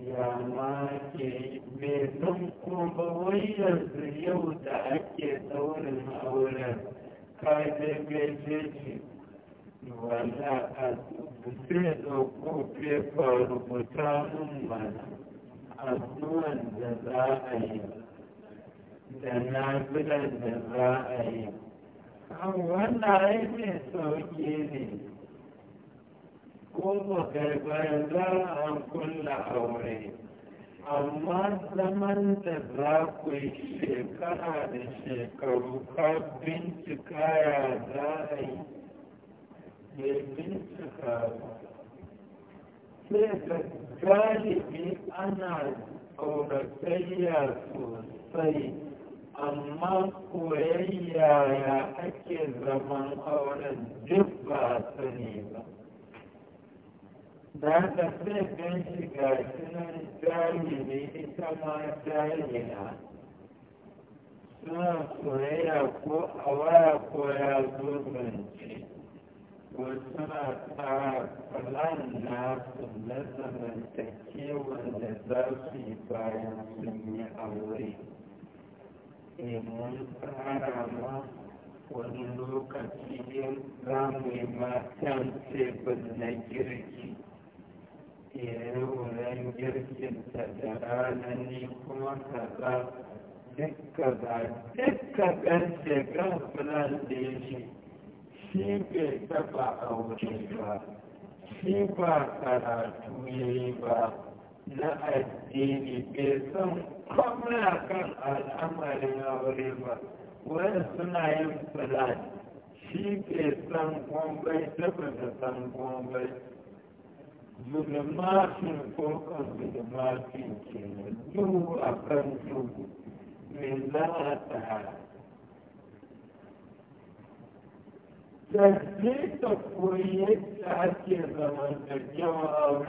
ya make mai san kuma wai yanzu yau da ake tsaurin auren kaje mejeji wala a sai ɗauko fefa rubuta mun mana da za a yi da nafilan da za a yi wannan aikin sauƙi ne ko ba karɓar za a kulla aure amma zaman da za ku yi shekara da shekaru ka bincika ya za a yi ya bincika sai ga galibi ana auratayya sosai amma koyayya ya ake zaman auren duk ba sani ba da ta sai don shiga sunan jahili ita ma jahila suna soyayya ko a waya ko ya zo ko suna tsara plan na su na zamantakewa da za su yi bayan sun yi aure mun tsara ma wani lokaci yin zamu ma matan tebur na girki yayi eh, wurin girkin ta da rana ni kuma kaza dukka kaza duk kaɗan shekar da ya ce shi bai taɓa aure ba shi ba karatu ya yi ba na addini bai san komai a kan al'amarin aure ba wani suna yin filat shi bai san komai da ba ta san komai zulmatin ko kan zulmatin ke nan duhu a kan duhu mai za a tsara تسليتك ويتعكي زمنتك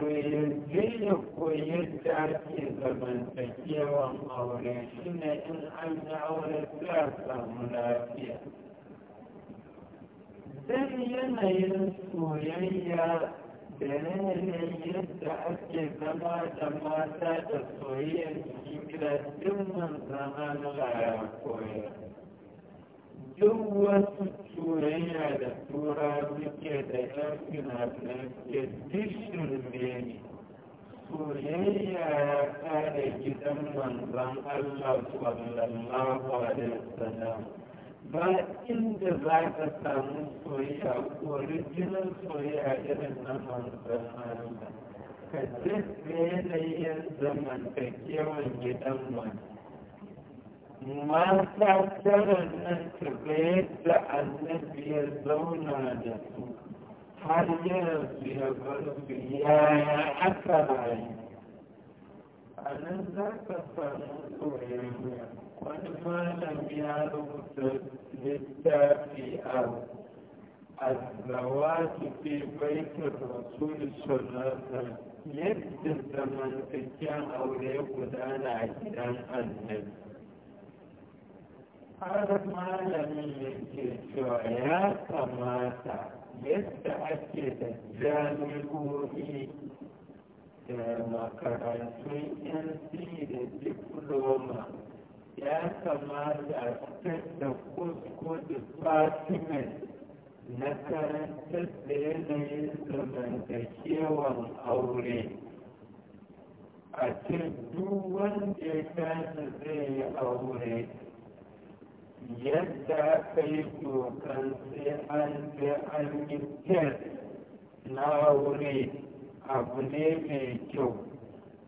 ويزيك ويتعكي زمنتك والمولى شنا إن أنا أولى ثلاثة منافية zai yanayin soyayya da yanayin yadda ake zama da mata da soyayyar shi kira duk mun zama na koyar. duk wasu turayya da tura suke da yan fina-finan suke dishin ne soyayya ya kare gidan manzan Allah sallallahu alaihi wasallam ba inda za ka samu soyayya original soyayya irin na manzan Allah ka duk da yanayin zamantakewan gidan manzan ما تعترض أنت بيت النبي يزون هذا هل يا بربي يا يا أكراي أنا ذاك فرنسو يمي وما لم يعرف للتافي أو الزواج في بيت الرسول صلى الله عليه وسلم يبدو الزمن في كان أولي قدان عجلان النبي har malamin yake cewa ya kamata yadda ake da jami'o'i da makarantun yanci da diploma ya kamata a fitar da kusko department na karantar da yanayin zamantakewan aure a cikin duk wanda ya zai yi aure yadda aka yi dokan sai an bi an yi na wuri abu ne mai kyau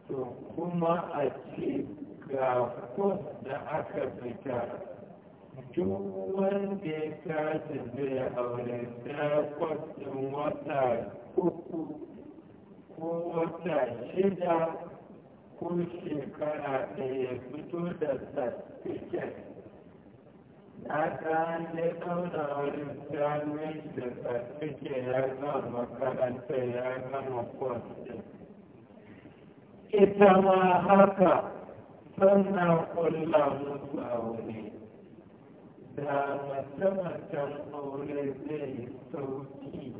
to kuma a ce ga kwas da aka fita duk wanda ya tashi zai aure da kwas wata uku ko wata shida ko shekara ɗaya fito da certificate tsakanin ɗaunawarin jami'in da ke ya zama makaranta ya zama kwastin ita ma haka sannan kulla musu aure da mace-macen aure zai sauki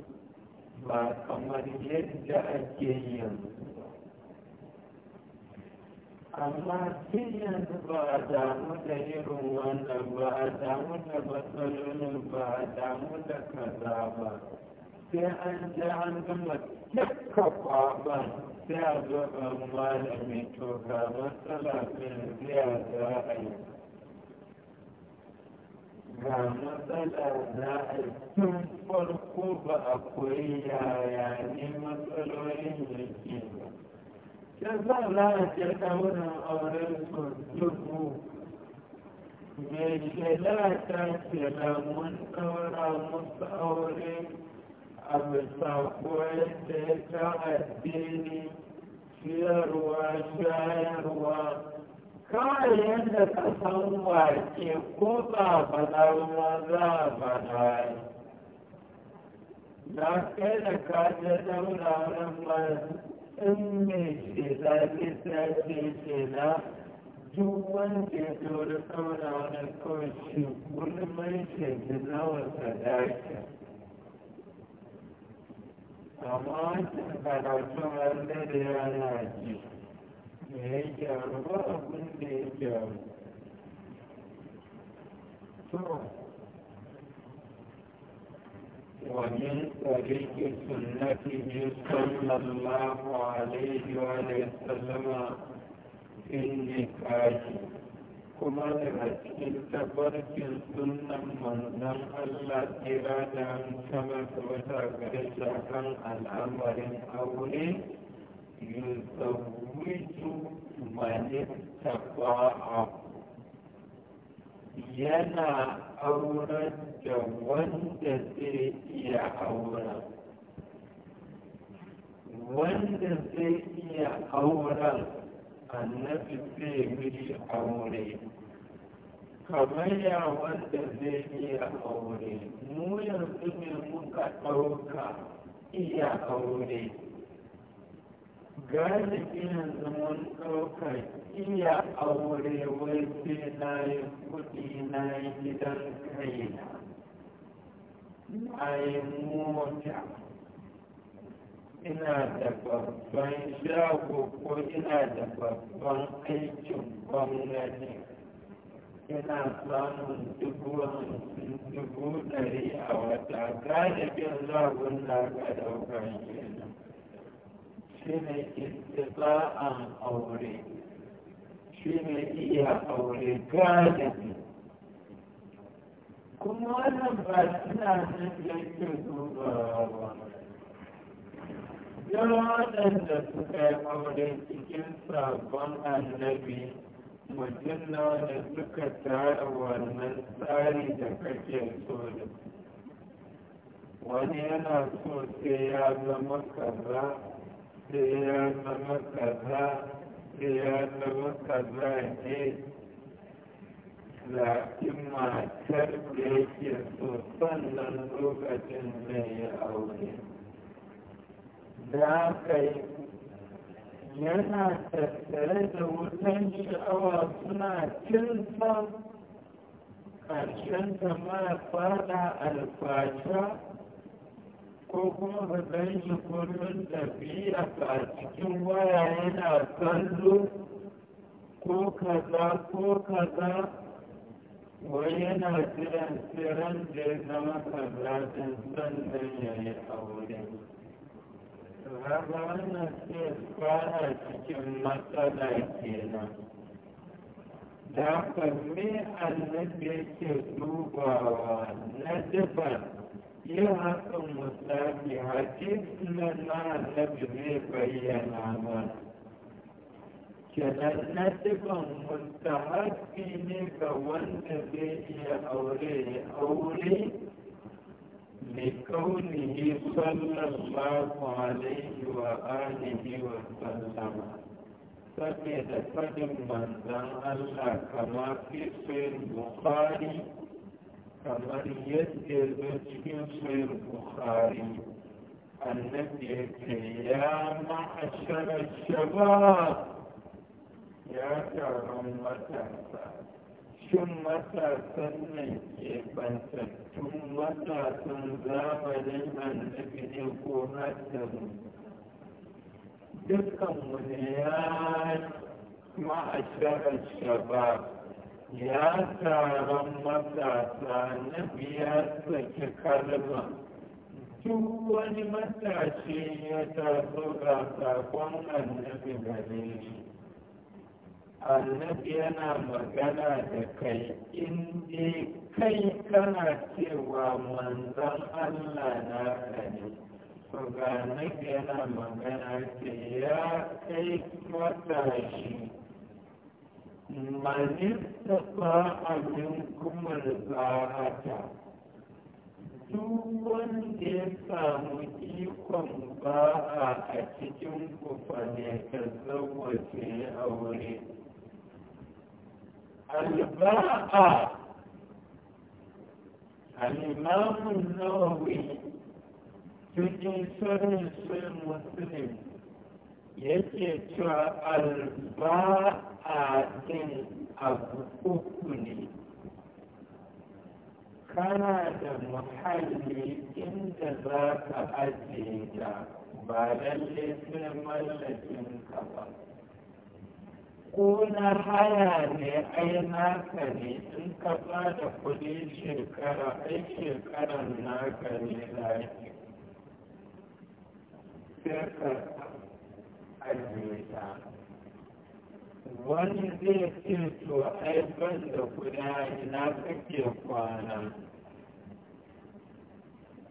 ba kamar yadda ake yanzu amma tun yanzu ba a damu da irin wannan ba a damu da matsalolin ba a damu da kaza ba sai an ji an gama cika kwaban sai a zo ban malami to ga matsala fin ziya za a yi ga matsala za a yi tun farko ba a koyi yaya ne matsalolin yake ba yanzu Allah ya kamuna auren turku mai shela ta shela mun ɗaura a bisa koyar da ya ta addini ciyarwa shayarwa kawai ka san ko ba faɗa za a na kai da kaje ɗaura in mai shela bisa ke shela duk wanda ya da saura wani kawai shi gulmai shela wasa dakin amma wancan karatu wanda da yana ji me ya gyaru ba abin da ya gyaru ومن طريق سنته صلى الله عليه وسلم في النكاح kuma daga cikin tabbarkin sunan manzon Allah kira da sama da wata gare shi al'amarin aure yuzawwiju man tabba'ahu yana auren da wanda zai iya aura wanda zai iya auren annabi zai miji aure kamar ya wanda zai iya aure mu yanzu ne muka ɗauka iya aure galibi yanzu mun ɗauka iya aure wai sai na yi kuɗi na yi gidan kaina na yi mota ina da babban shago ko ina da babban aikin gwamnati ina samun dubu dubu ɗari a wata galibin zagon na ga ɗaukar kenan shi ne istifa'an aure shi ne iya aure gadi kuma wannan ba suna nan yake dubawa ba don waɗanda suka yi aure cikin sabon annabi mutum na wanda suka tara wannan tsari da kake so da wani yana so sai ya zama kaza sai ya zama kaza ya zama kazaje zaɓin matar da yake so sannan lokacin zai yi aure da ka yi yana tattare da wutan sha'awa suna cin son ƙarshen da fada alfasha ko kuma ba zan yi kullum tafiya a cikin waya yana kallo ko kaza ko kaza wai yana jiran tsiran da ya zama kaza don sannan ya yi aure raba wannan sai fara cikin matsala kenan da haka me annabi yake dubawa na dabar यह तो मुद्दा حديثنا نبغي بينانا جنتكم مستحق فينك والنبي أولي أولي لكونه صلى الله عليه وآله وسلم فقد قدم من الله كما في البخاري عملية البتكين في البخاري التي يا معشر الشباب يا ترى كرم متاسا شم متاسا نجيبا تكتم متاسا زاب لمن نبني قرنة دكم يا معشر الشباب ya taron matasa na ya saki kalma duk wani matashi ya taso ga sakon annabi gare shi annabi yana magana da kai in kai kana cewa manzan allah na kane ga annabi yana magana ce ya kai matashi من استطاع منكم الباءة duk wanda ya samu ikon ba'a a cikin kufa ne ka zawace aure alba'a alimamun nawawi cikin sunan sun musulun yake cewa alba'a abin abu uku ne kana da muhalli inda za ka ajiye ta ba lalle sai mallakinka ba ko na haya ne ai naka ne in ka ba da kuɗi shekara ai shekaran naka ne lafi sai ka ajiye ta wani zai ce to ai da kuda ina kake kwana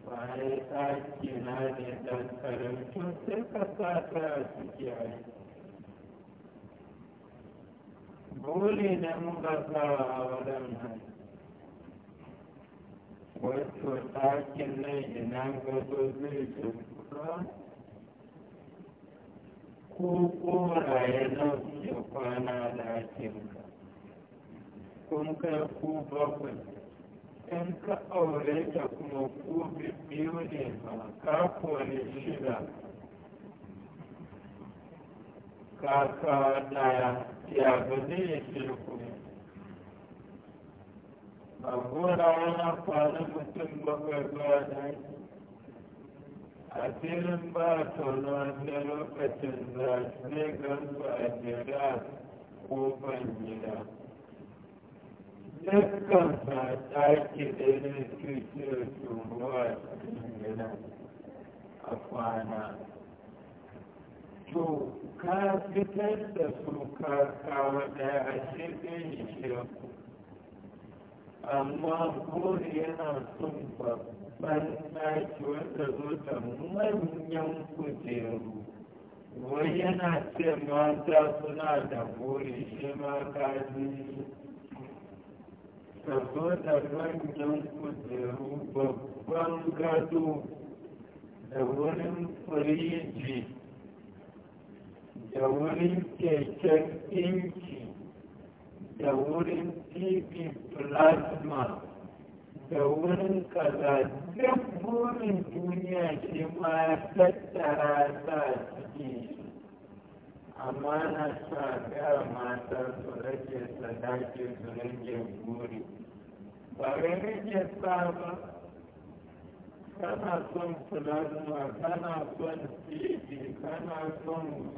bayan ɗaki na ne ɗan karamcin sai ka sa ta a ciki a yi dole a waɗannan wato ɗakin nan ina gado zai ce ko kuma raye na ku kwana lafiyan ka kun kai bakwai in ka aure ta kuma ku biyu ne ba ka kone shida kaka daya ya ba zai yi kuma a gora wani kwanan mutum bakwai ba a filin ba tono na lokacin da ne ba a jira ban gida dukkan sa ɗaki ɗaya ne cuce tumuwa cikin gida a kwana to ka fitar da su ka kawo ɗaya a shirin shi amma kuri yana sun babba ɓarɓaki wanda zo da manyan kujeru wai yana ce mata suna da buri shi ma kaji ka zo da manyan kujeru babban gado da wurin firiji da wurin keken inki da wurin tv plasma da wurin kaza duk burin duniya shi ma tattara ta cikin shi amma na sa ga mata su rage sadaki su rage buri ba wai rage sa ba kana son plasma kana son tv kana son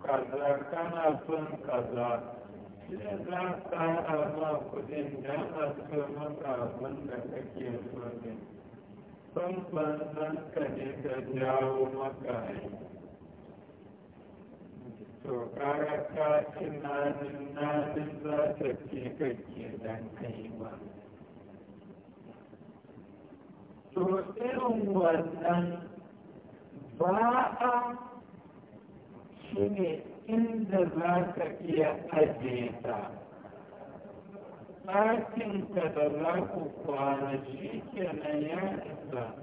kaza kana son kaza Ina za ka ƙara kuɗin da a so maka abin da kake so ne. Son banzan ka ne ka jawo maka yi. To ƙara ka ci nanin nanin za ta ce kake dan kai ba. To irin wannan ba a shi ne inda za ka iya ajiye ta ɗakinka da za ku kwana shi kenan ya isa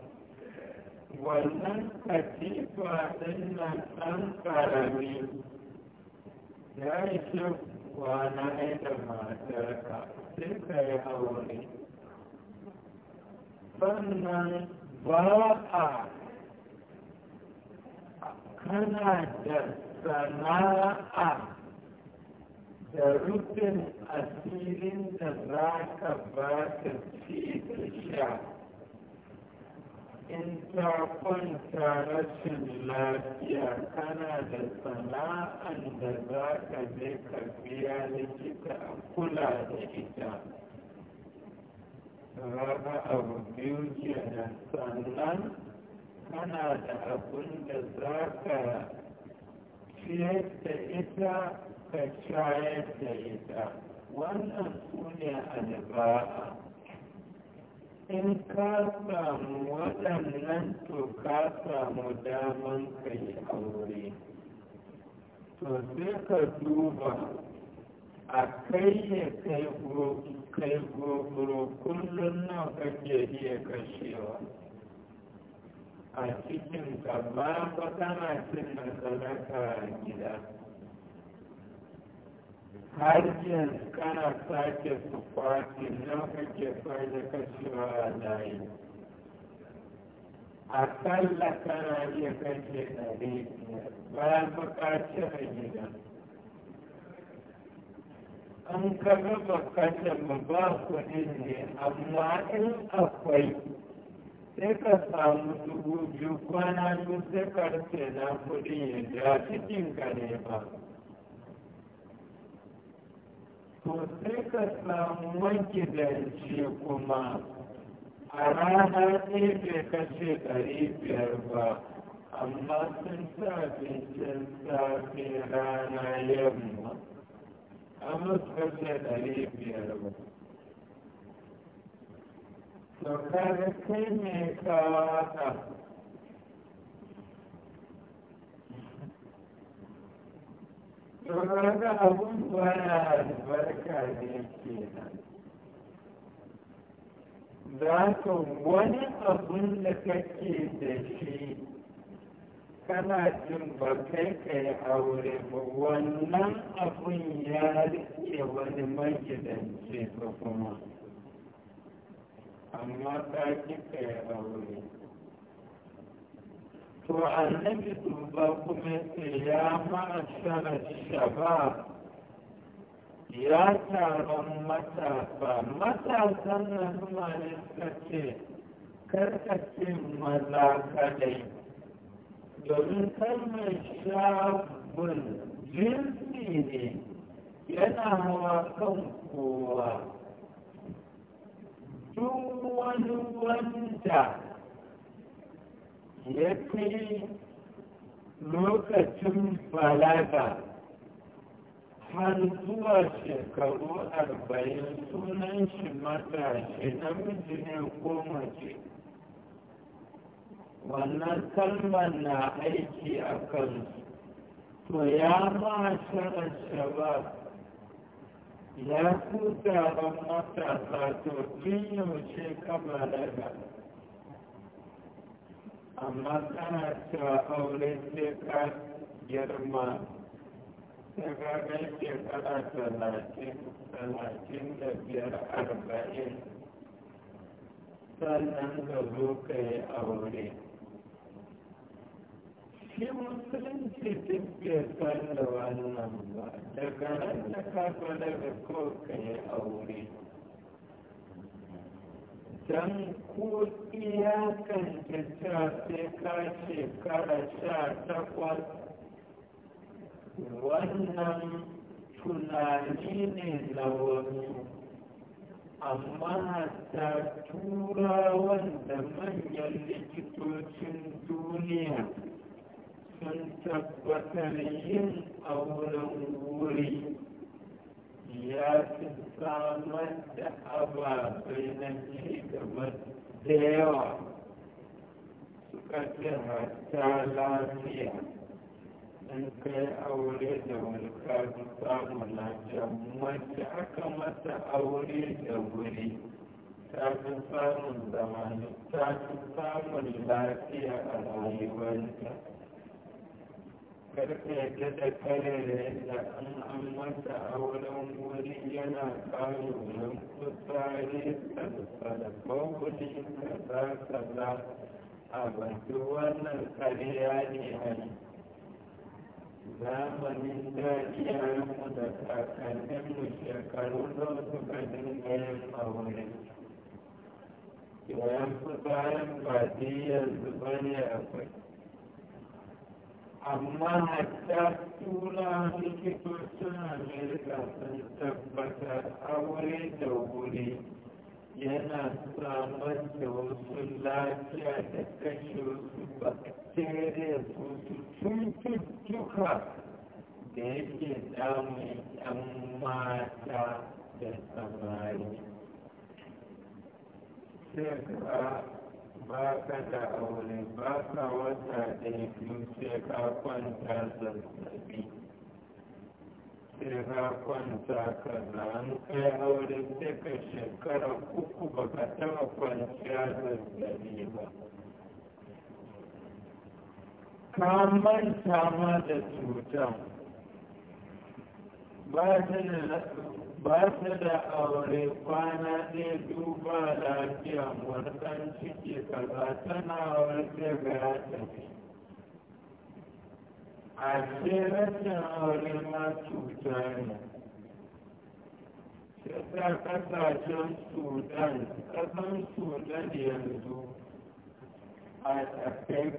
wannan katifa ɗin nan ɗan ƙarami ya ishe kwana da matarka sai ka yi aure sannan ba a kana da sana'a da rufin asirin da za ka ba ta ci da sha in ta kwanta rashin lafiya kana da sana'an da za ka je ka biya likita a kula da ita raba abu biyu kenan sannan kana da abun da za ka ciyar da ita ka shayar da ita wannan sune ne in ka samu waɗannan to ka samu daman ka yi aure to sai ka duba a kai ya kai gobro kullum nan kake iya kashewa así que a cikin babban tana cin sadaka gida Alguien cada saque su parte, no fue nan que se va a dar. layi akalla la iya de ɗari bayan va a se gida an pues es que, a kuɗin ne amma un akwai sai ka samu dubu biyu kwana biyu sai na kuɗin ya ja cikin ka ne ba to sai ka samu wanki da ce kuma a rana ɗaya bai kashe ɗari biyar ba amma sun sa abincin safe rana yamma amma su kashe ɗari biyar ba to kaga kai ne ka waka to kaga abun bana albarka ne kenan za ka wani abun da kake da shi kana jin ba kai kai aure ba wannan abun ya rike wani magidanci ba kuma amma ta kika ya aure to annabi duba kuma ya ma'ashara shabab ya taron matasa matasan nan mutane suka ce karkace maza kadai domin kalmar shabun jinsi ne yana hawa kan kowa wani wanda ya kai lokacin balaga har zuwa shekaru arba'in sunan shi matashi namiji ne ko mace wannan kalmar na aiki a kansu to ya ma sharar shabab ya kuta a matasa to tun yaushe ka balaga amma tana ta aure sai ka girma sai ka kai shekara talatin da biyar arba'in sannan ka zo ka yi aure shi musulunci suke falla wannan ba daga ran da ka daga ko aure Dan ko iyakan da ta sai ka shekara sha takwas wannan tunani ne na wani amma ta turawan da manyan likitocin duniya sun tabbatar yin auren wuri ya fi samar da ababai na cigaba da yawa suka ce hata lafiya in kai aure da wani kafin samun lafiya wacce aka mata aure da wuri ta fi samun zamani ta fi samun lafiya a rayuwarta karfe ta kare da yadda an an a wurin wuri yana kayo nan kusare da bambuli kaza kaza a bantu wannan kariya ne hari zamanin da iyayenmu da kakanninmu shekaru don suka dinga yin a wurin. su bayan ba yanzu bane akwai amma hatta tura likitocin amerika sun tabbatar aure da wuri yana samar da wasu lafiya da kashe wasu bakteriya su cututtuka da yake damun yan mata da samari. Sai ba ka da aure ba ka wata ɗaya biyu sai ka kwanta zazzabi sai ka kwanta an kai aure sai ka shekara uku ba ka taɓa kwanciya zazzabi ba ka manta ma da cutan ba da ba su da aure kwana da duba lafiya wannan ciki kaza tana warke ga tafi a ce rashin aure ma cuta ne ta kasashen sudan kasan sudan yanzu I've give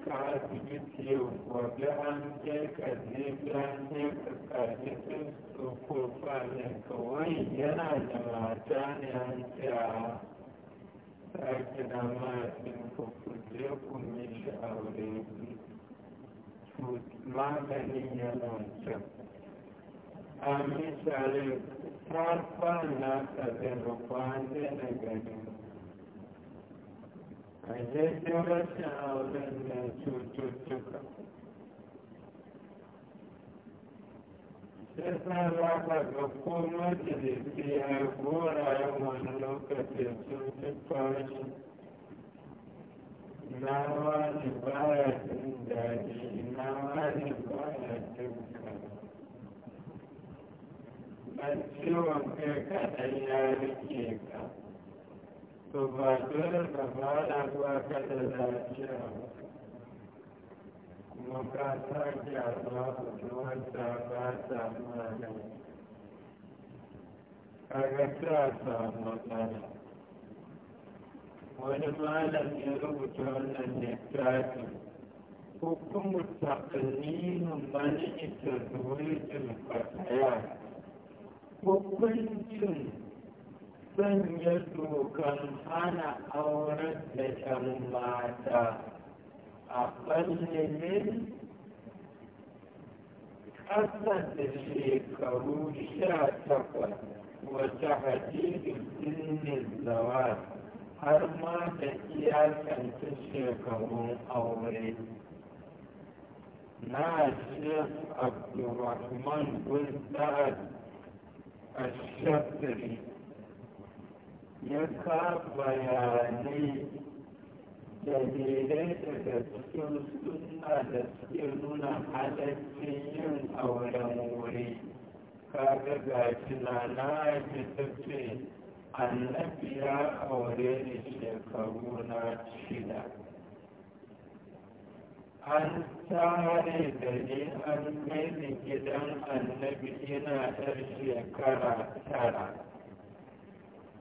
you Wagahantek, Adibrantek, Kaditus, Kukufanek, Wayana, Namatanya, Sakinamatin, Kukujakum, Mishauriki, Tutmagani, Yanonchak. Amisharik, Sarpa, Nasa, Derupanjana, Ganim, a daidai rashin auren cututtuka za ga ko ya wani lokacin cututtuka na wani baya jin na wani ciwon kai kaɗan ya rike ka to ba dole ka fara zuwa kada lafiya kuma ka sake a zuwa wanda ba ta magani kaga ta samu matsala wani malam ya rubuta wannan littafin حكم التقنين منع تزويج الفتيات وكل sanya dokan hana auren da ‘yan mata a fannin ƙasa da shekaru sha takwas wata hadirin sinin zawar har ma da ta shekarun aure. na je abdurrahman bin sa'ad a shafiri ya ka bayanai da dalilai daga cikin suna da suke nuna halaccin yin auren wuri kaga ga tunana ya ta ce annabi ya aure ni shekaru na shida an tare da ni an kai gidan annabi ina ɗan shekara tara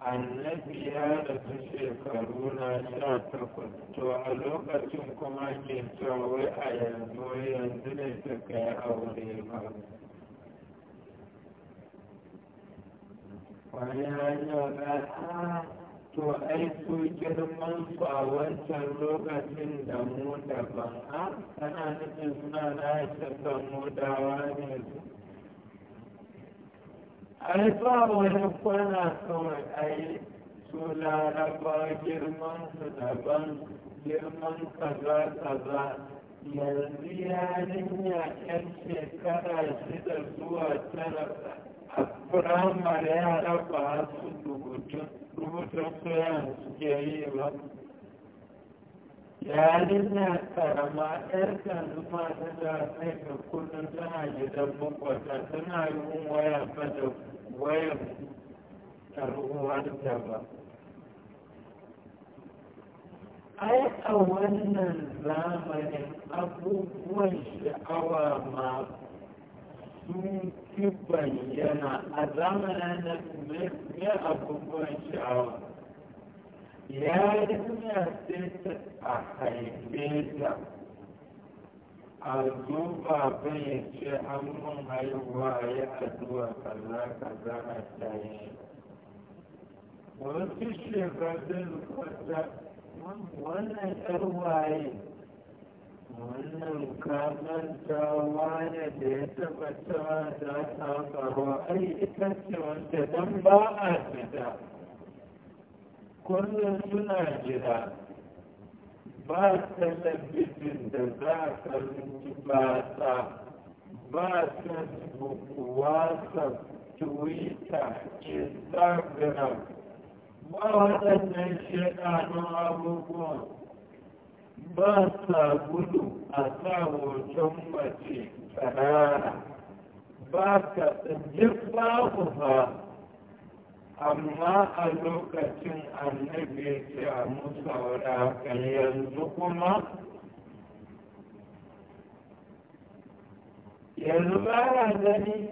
annabi ya rasu shekaru na sha takwas to a lokacin kuma ke wai a yanzu yanzu ne suka yi aure ba wani hanyar rasa ah, to ai su girman su a wancan lokacin da mu daban a ah, tana nufin suna na shakkan mu dawa ne su ai ba wani kwana kawai ai su laraba girman su daban girman kaza kaza yanzu yarinya yan shekara shida zuwa tara a firamare yara ba su rubutun su yaran suke yi ba yarinya karama yar kanzu ma tana sai da tana gidan makwata tana yin waya ba da wayar ɗar'uwarta ba ai a wannan zamanin abubuwan sha'awa ma sun fi bayyana a zamanin da abubuwan sha'awa yarinya sai ta haife ta a zuba bai ya ce an mun haihuwa ya addu'a kaza kaza a tayi wasu shekarun kwata wannan yar waye wannan kamanta wane da ya taba cewa za ta faruwa ai ita ce wanda dan ba a fita kullum suna jira ba talabijin da za ka rinci basa ba facebook whatsapp twitter instagram ba waɗannan shaɗanun abubuwan ba sa gudu a sa hoton mace tsanara. ba ka duk babu ba amma a lokacin annabi ya a musa wadakan yanzu kuma yanzu ba na gani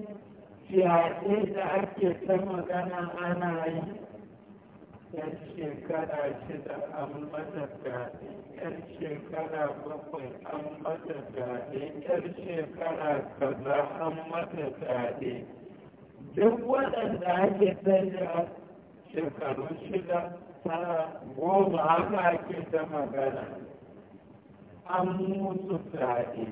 fiye da ake ta magana ana yi yan shekara shida an mata fyaɗe yan shekara bakwai an mata fyaɗe yan shekara kaza an mata fyaɗe duk waɗanda ake da shekaru shida tara goma haka ake ta magana an musu fyaɗe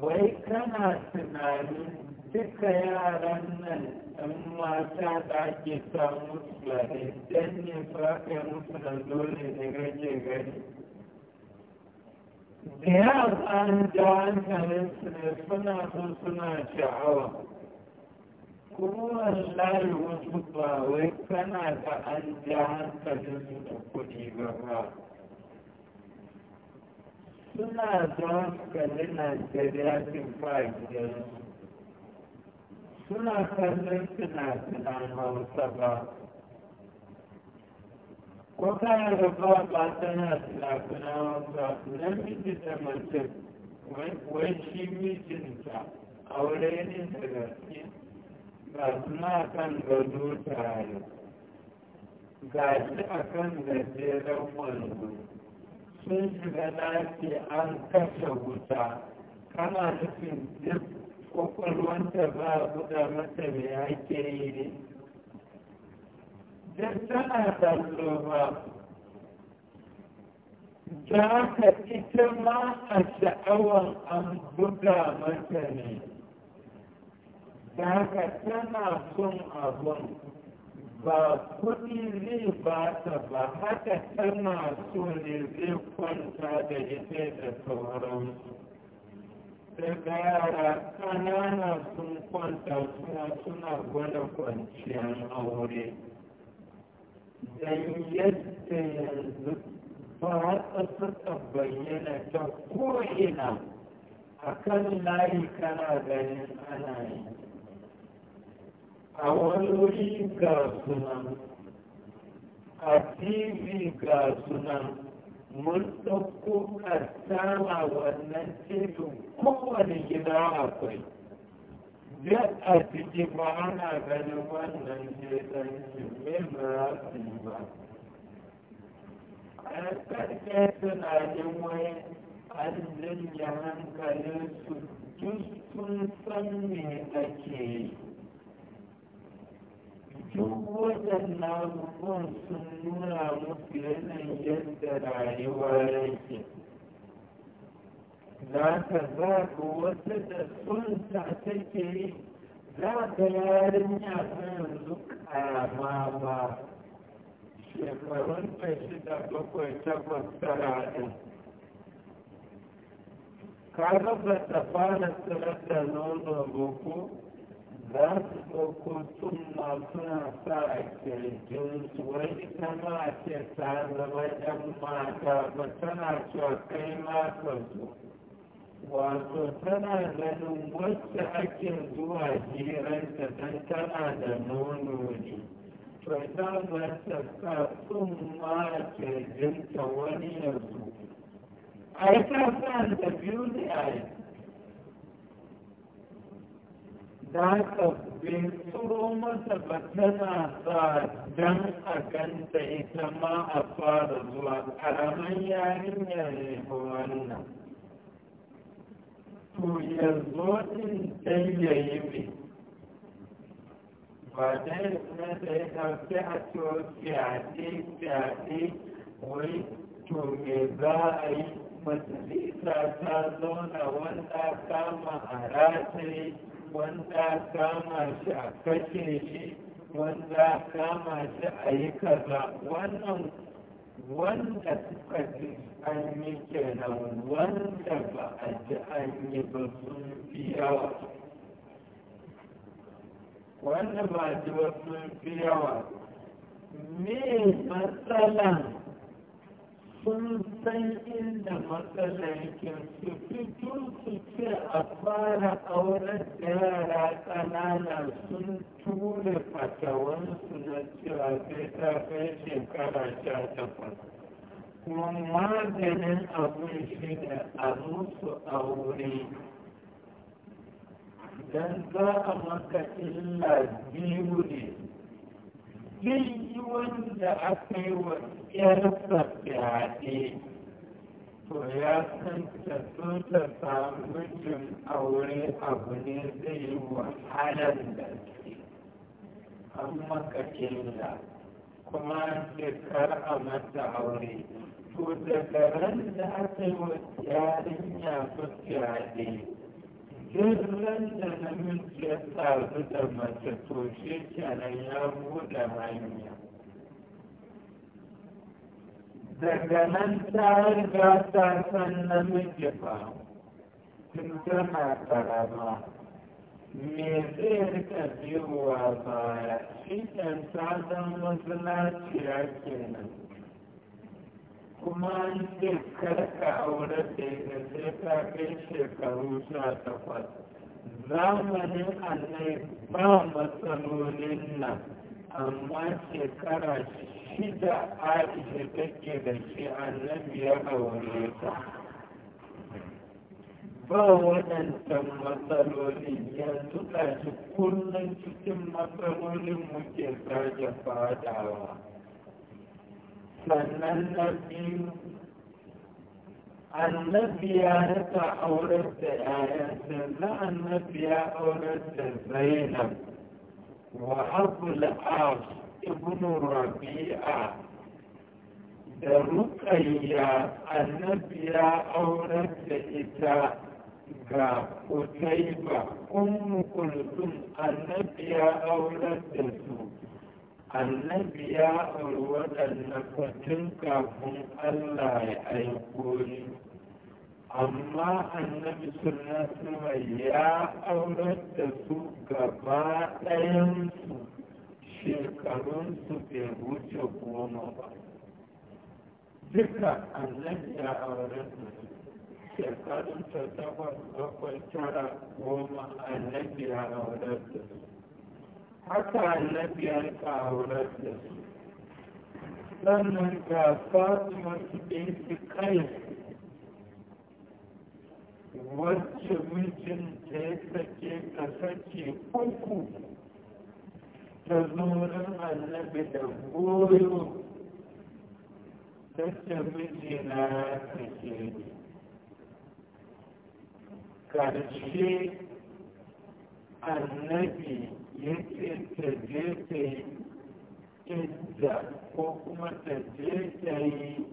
wai kana tunanin duka yaran nan ɗan mata da ake sa musu fyaɗe don ne fa ka musu da dole ne rage gani da yaran da hankalinsu ne suna so suna sha'awa kowane layi wasu ba wai kana ga an ja hankalinsu da kuɗi ba ba suna da hankalin najeriya sun ba suna kallon fina-finan hausa ba ko kana da ba ba tana fina-finan hausa namiji da mace wai shi mijinta aure ne da gaske ga suna kan gado tare ga shi a kan gajeren wanzu, sun shiga lafi an kashe wuta kana nufin duk kwakwalwanta ba a buɗa mata mai ake yi ne duk tana kallo ba za ka ita ma a sha'awar an buga mata ne da haka tana son abin ba kuɗi ne ba ta ba haka tana so ne zai kwanta da ita da sauransu daga yara ƙanana sun kwanta suna suna gwada kwanciyar aure don yadda yanzu ba ta suka bayyana ta ko'ina a kan layi kana ganin ana yi a wani wuri ga sunan a tv ga sunan mun ɗauko kasama wannan cikin kowane gida akwai duk a ciki ba ana ganin wannan shekanci mai mura su ba a ƙarƙe tunanin wai an janye su duk sun san me ake yi duk waɗannan abubuwan sun nuna muku yanayin yadda rayuwa yake za ka wata da sunta take yi za ka yarinya ta yanzu ƙarama ba shekarun ta shida bakwai takwas tara ɗin ka ga ba ta fara tsirar da nono za su ɗauko suna suna sa a kirjinsu su wani ma ce ta zama ɗan mata ba tana cewa kai ma ka wato tana ganin wacce ake zuwa hirarta don tana da nono ne to ita za ta sa sun ma a ta wani yanzu ai ta sa da biyu ne a yi da ka binturo mata ba tana sa don a ganta ita ma a fara zuwa ƙaramin yarinya ne wannan to ya zo ɗin ɗan yayi mai ba dai na da ya ɗauki a to fyaɗe fyaɗe wai to me za a yi majalisa ta zauna wanda kama a rataye wanda kama shi a kashe shi wanda kama shi a yi kaza wannan wanda suka ji an yi kenan wanda ba a ji an yi ba sun fi yawa wanda ba ji ba sun fi yawa me matsalan sun san inda matsalar yake su fito su ce a fara auren da yara ƙanana sun tura fatawansu na cewa sai ta kai shekara sha takwas kuma maganin abin shi da a musu aure don za a maka illa biyu ne zai yi wanda aka yi wa ƴarsa fyaɗe to ya san ta so ta samu jin aure abu ne zai yi wahalar da ke amma ka kuma shekar a mata aure to daga ran da aka yi wa yarinya su fyaɗe Jirgin da namiji ya tsaru da mace to shi kenan ya buɗe hanya. Daga nan ta riga ta san namiji ba, tun tana karama. Me zai rika biyowa baya, shi ta zama zulaciya kenan. kuma yake karka aure da ita sai ta kai shekaru sha takwas zamanin annai ba matsalolin nan amma shekara shida aisha take da shi annabi ya aure ta ba waɗancan matsaloli yanzu ɗashi kullum cikin matsalolin muke sake fadawa. sannan annabi ya rika aurar da ‘ya'yansa na annabi ya aurar da zainab wa abul as ibn rabi'a da rukayya annabi ya aurar da ita ga kutaiba ummu kulsum annabi ya aurar da su annabi ya auri waɗannan fatin kafin Allah ya aiko ni amma annabi suna ya aure da su gaba ɗayansu shekarunsu bai wuce goma ba duka annabi ya aure da su shekarunsa takwas bakwai tara goma annabi ya aure su haka annabi ya rika aurar da su sannan ga fatima su ɗinki kai wacce mijin mijinta ya sake ka sake uku ta zurin annabi da goyo ta ce mijina ya sake ƙarshe annabi yake ta je ta yi idda ko kuma ta je ta yi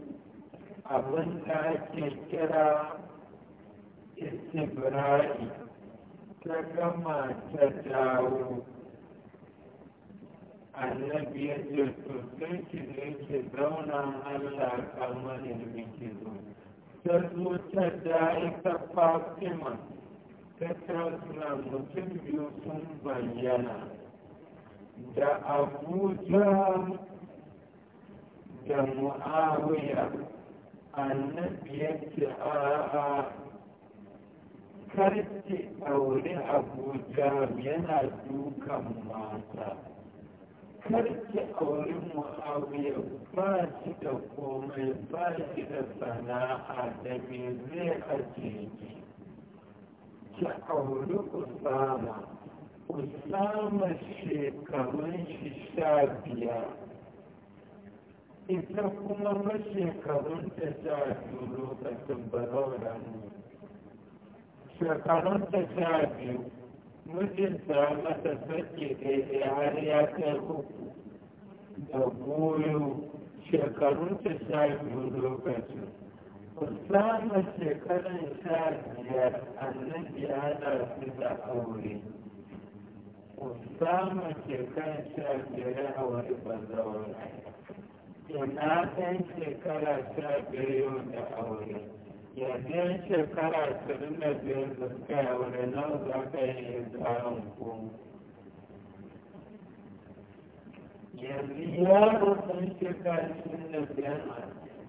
abin da ake kira istibra'i ta gama ta dawo annabi ya ce to sai ki je ki zauna Allah kamar yadda ki zo ta zo ta da'i ta fatima tattara suna mutum biyu sun bayyana da abuja da mu'awiya annabi yake a karfe aure abuja yana dukan mata karki aure mu'awiya ba shi da komai ba shi da sana'a da me zai ajiye أولو أسامة أسامة شيكرون شابيا إذا كما مشيكرون تجاهل لغة بلورا شيكرون تجاهل mijinta mata sake daidai har ya kai uku da goyo shekarunta sha biyu lokacin Usama shekarun sha biyar annabi ya haɗa su da aure. ku Usama shekarun sha biyar ya aure bazawar. Ina ɗan shekara sha biyar yau da aure. Yanzu shekara ashirin da biyar da suka yi aure nawa za ka yi tsarin ku. Yanzu yaro ɗan shekara ashirin da biyar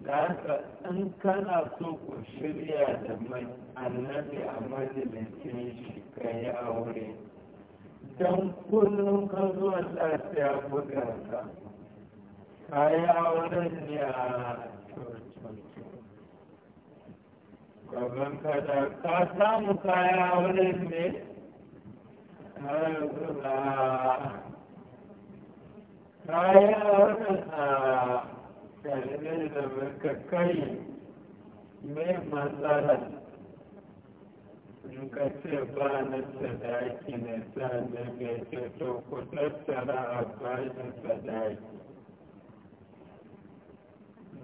da haka in kana so ku shirya da mai annabi a majalisin shi ka yi aure don kullum ka zuwa lafiya bugarka ka yi auren ne a gaban ka ka samu ka yi auren ne ka yi auren a dangane da kai mai matsala in ka ce ba na sadaki na sa mai ce to ku tattara a bayan sadaki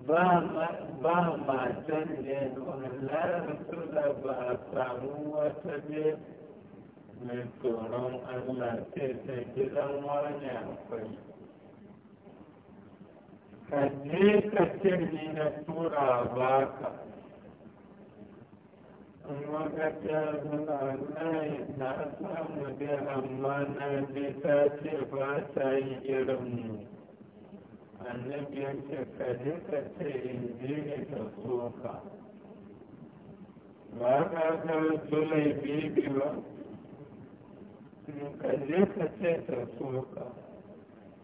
ba matan ne wannan su da ba a samu wata ne mai tsoron allah ce ta gidan wani akwai कचेरीन तुराबाका muda mana ta ce ba ta yi irinmu annabi ya ce ka je ka ce injini ka soka ba ka ga zulai bibi ba ka je ka ce ta soka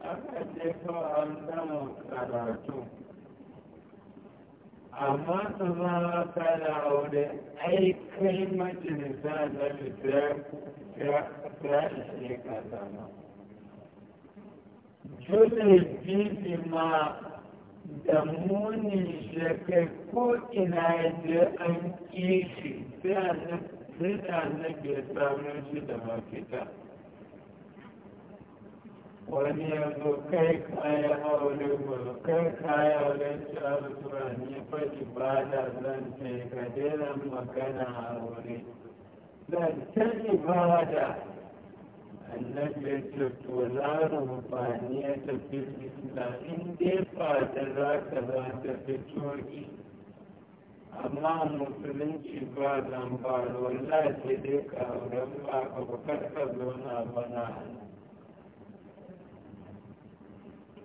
aka ce kawai an samu karatu amma su ma ka da aure ai kai majalisa da ta ishe ka zama jule bibi ma da muni shekai ko ina yadda an kishi sai a nabi samun shi da mafita wani ya zo kai kaya aure gudu kai kaya aure sharu turan ya faɗi ba da zan ce ka daina magana aure zan can ibada annabi ya ce to za mu fani ya tafi fitna in dai fata za ka za ta fito ki amma musulunci ba zan ba wallahi sai dai ka aure ba ka bukar ka zo na bana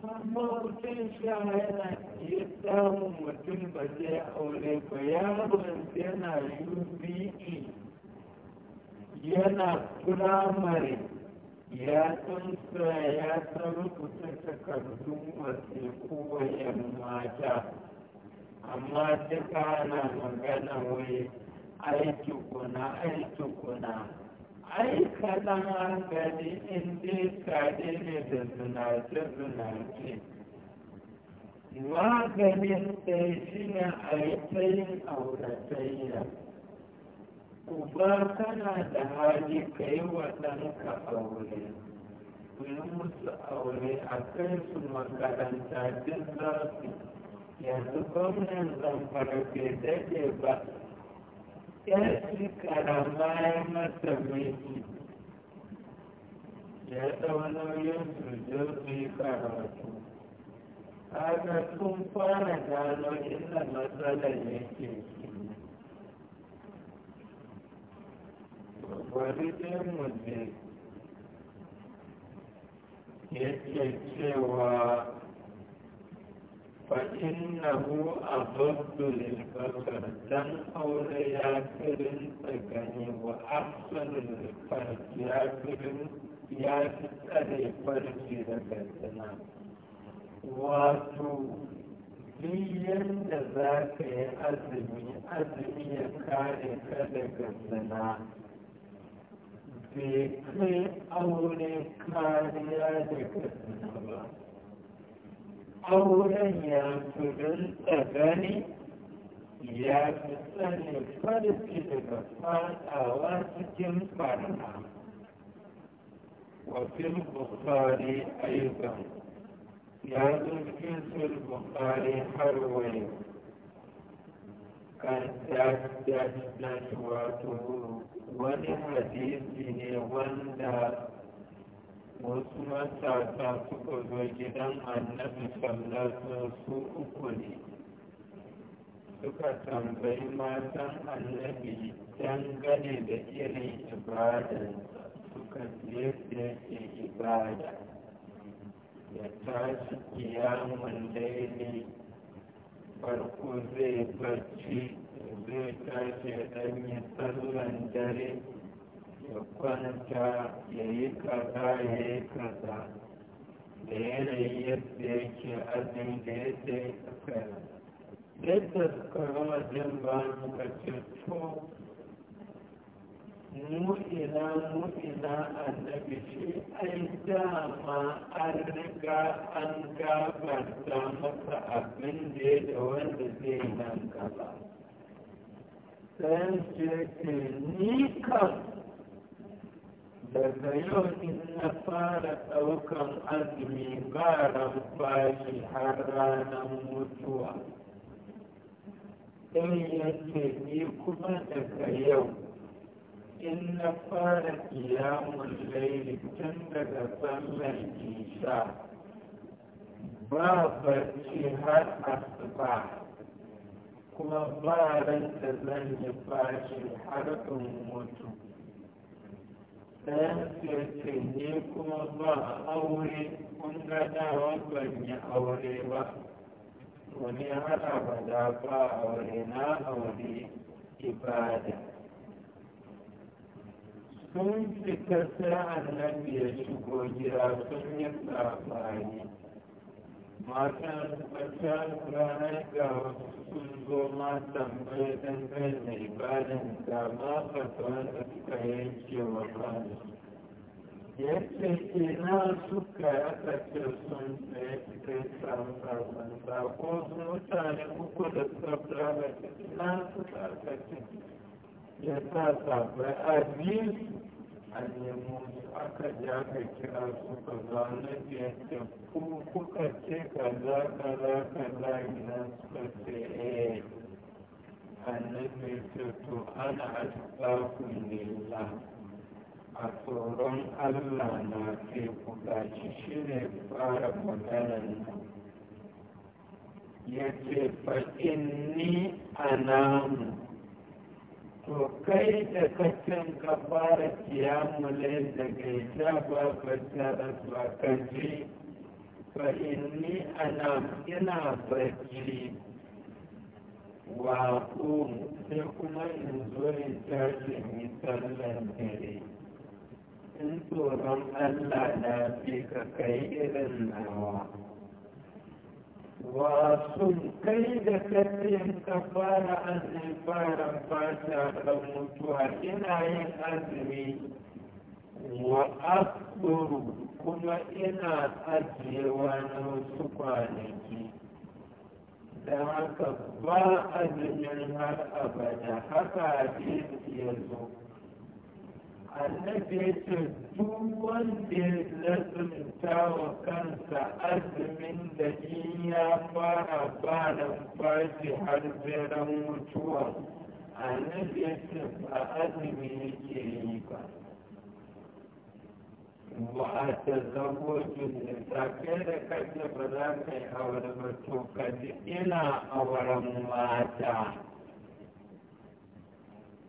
kuma mutum sha yana iya samun mutum ba zai aure ba yaron yana UBE yana firamare ya san ya san rubuta takardun wasu wa ‘yan mata amma duka ana magana wai aiki kuna aiki kuna ai kaɗan an gaji in dai kaɗe ne da zinace-zinace maganin ɗaya shi ne a yi tsayin auratayya uba kana da hali ka yi wa ɗanka aure ku yi musu aure a kai su makaranta duk za su yanzu gwamnan zamfara bai daɗe ba Ramayan समिति સ્વીકારવાતું આ કશું પણ ગાલો એના મસાલા નીચે વળી તે મુદ્દે એટલે છેવા فإنه أضد للبصر تنحول ياسر تغني وأحسن للفرج ياسر ياسر تغني فرج لبسنا واتو biyan da za ka yi azumi azumi ya kare ka daga zina bai kai aure kariya daga zina ba auren ya turin tsagani ya fi sani farki daga fadawa cikin barna wafin bukari ayyukan ya zurfin sul bukari har wani kan dash dash dash wato wani hadisi ne wanda wasu matasa suka zo gidan annabi sallallahu su uku ne suka tambayi matan annabi dangane da irin ibadan suka yadda yake ibada ya tashi kiyamun daidai farko zai barci zai tashi ya ɗanyi sallan dare ya kwanta ya yi kaza ya yi kaza da yanayin yadda yake azumi da yadda ya tsakaya yadda suka rama jin ba muka ce to mu'ina mu'ina annabi shi ai dama an riga an gabata masa abin da ya da wanda zai nan gaba sai ce ni kan daga yau in na fara ɗaukan azumi ba ramfashi har ranar mutuwa ɗan yake ni kuma daga yau in na fara kiyamun laili tun daga sallar isha ba barci har asuba kuma ba ran da zan yi fashi har in mutu ɗayan ce ne kuma ba aure kun ga ban yi aure ba wani har abada ba aure na aure ibada sun fita sai annabi ya shigo gida sun yi tsafani matar wata ranar ga wasu sun zo ma tambaye dangane da ibadan da ma fatawa da suka yanke wa kanu yadda ke na suka yaka ce sun tsaye suka yi samun karfan sako sun mutane uku da suka fara da na suka aka ce ya sa sabai a biyu an nemo aka ji aka kira su ka zane yadda kuka ce ka za ka za ka za ina suka ce eh annabi ce to ana asbakun lillah a tsoron allah na ke kuka shi shi ne fara maganar ya ce fa inni anamu to kai da kacin gabara kiyamule daga ijaba ba ta ba ka ji fa inni ana ina baki wa kum sai kuma in zo in tashi mi sallan dare in tsoron Allah na fi ka kai irin nawa. wasu kai da tafiyan ka fara azumi fara fata da mutuwa ina yin azumi wa afturu kuma ina ajiyewa na wasu kwanaki da haka ba azumin har abada haka a ya zo annabi ya ce duk wanda ya lazumta wa kansa azumin da in ya fara ba numfashi har zaren mutuwa annabi ya ba azumi yake yi ba ba a ta zabo da da ba za ka yi aure ba ka ji ina auren mata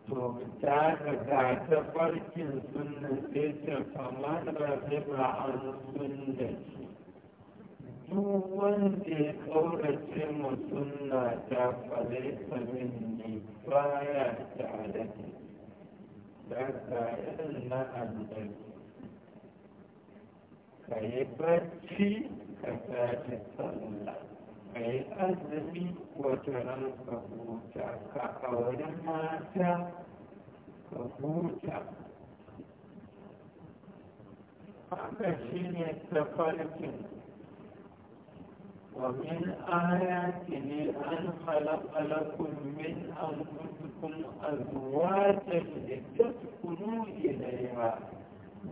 to ta daga ta farkin sunan sai ce kamar rahiba an sunna ce duk wanda ya kaurace mu sunna ta falaita ba baya tare da daga irin na annabi ka yi barci ka ta sallah ka yi azumi wata ran ka huta ka aure mata ka huta haka shi ne tafarkin ومن آياته أن خلق لكم من أنفسكم أزواجا لتسكنوا إليها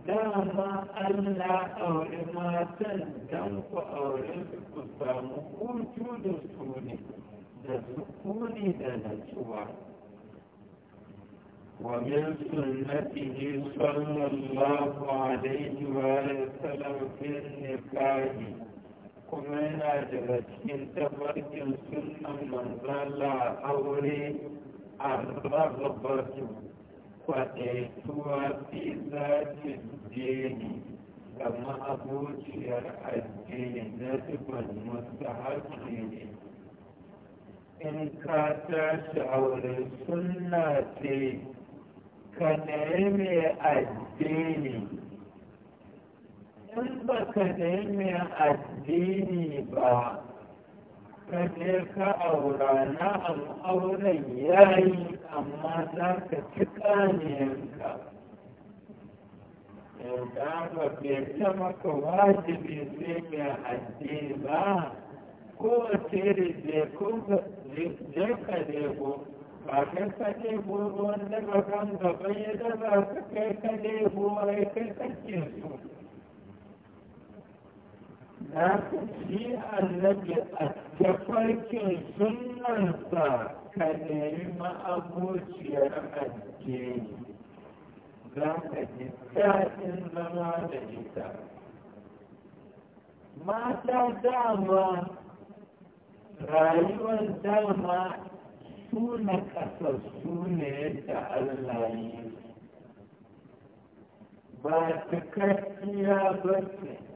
dama Allah aure matan don ku aure ku samu hutu da suni da sukuni da natsuwa. ومن سنته صلى الله عليه وآله وسلم في النكاح كما نادرت من تبرك سنة من ظل أولي الرغبة kwaɗaituwa fi zafin jini ga ma'abociyar addini na dubban mustahabi ne in ka tashi aure suna ce ka nemi addini in ba ka nemi addini ba ka je ka aura na auren yayi amma za ka ci ƙaniyanka yau da ba bai ta maka wajibi sai mai addini ba kowace rije ko je ka lebo ba kai ka lebo ruwan daga kan gaba ya daga ka kai ka lebo ai kai kake so na shi annabi a da farkin sunansa ka nemi ma'abociyar addini za ka ji daɗin zama da ita mata dama rayuwar dama suna na ƙasassu ne da Allah yi ba ta ba ce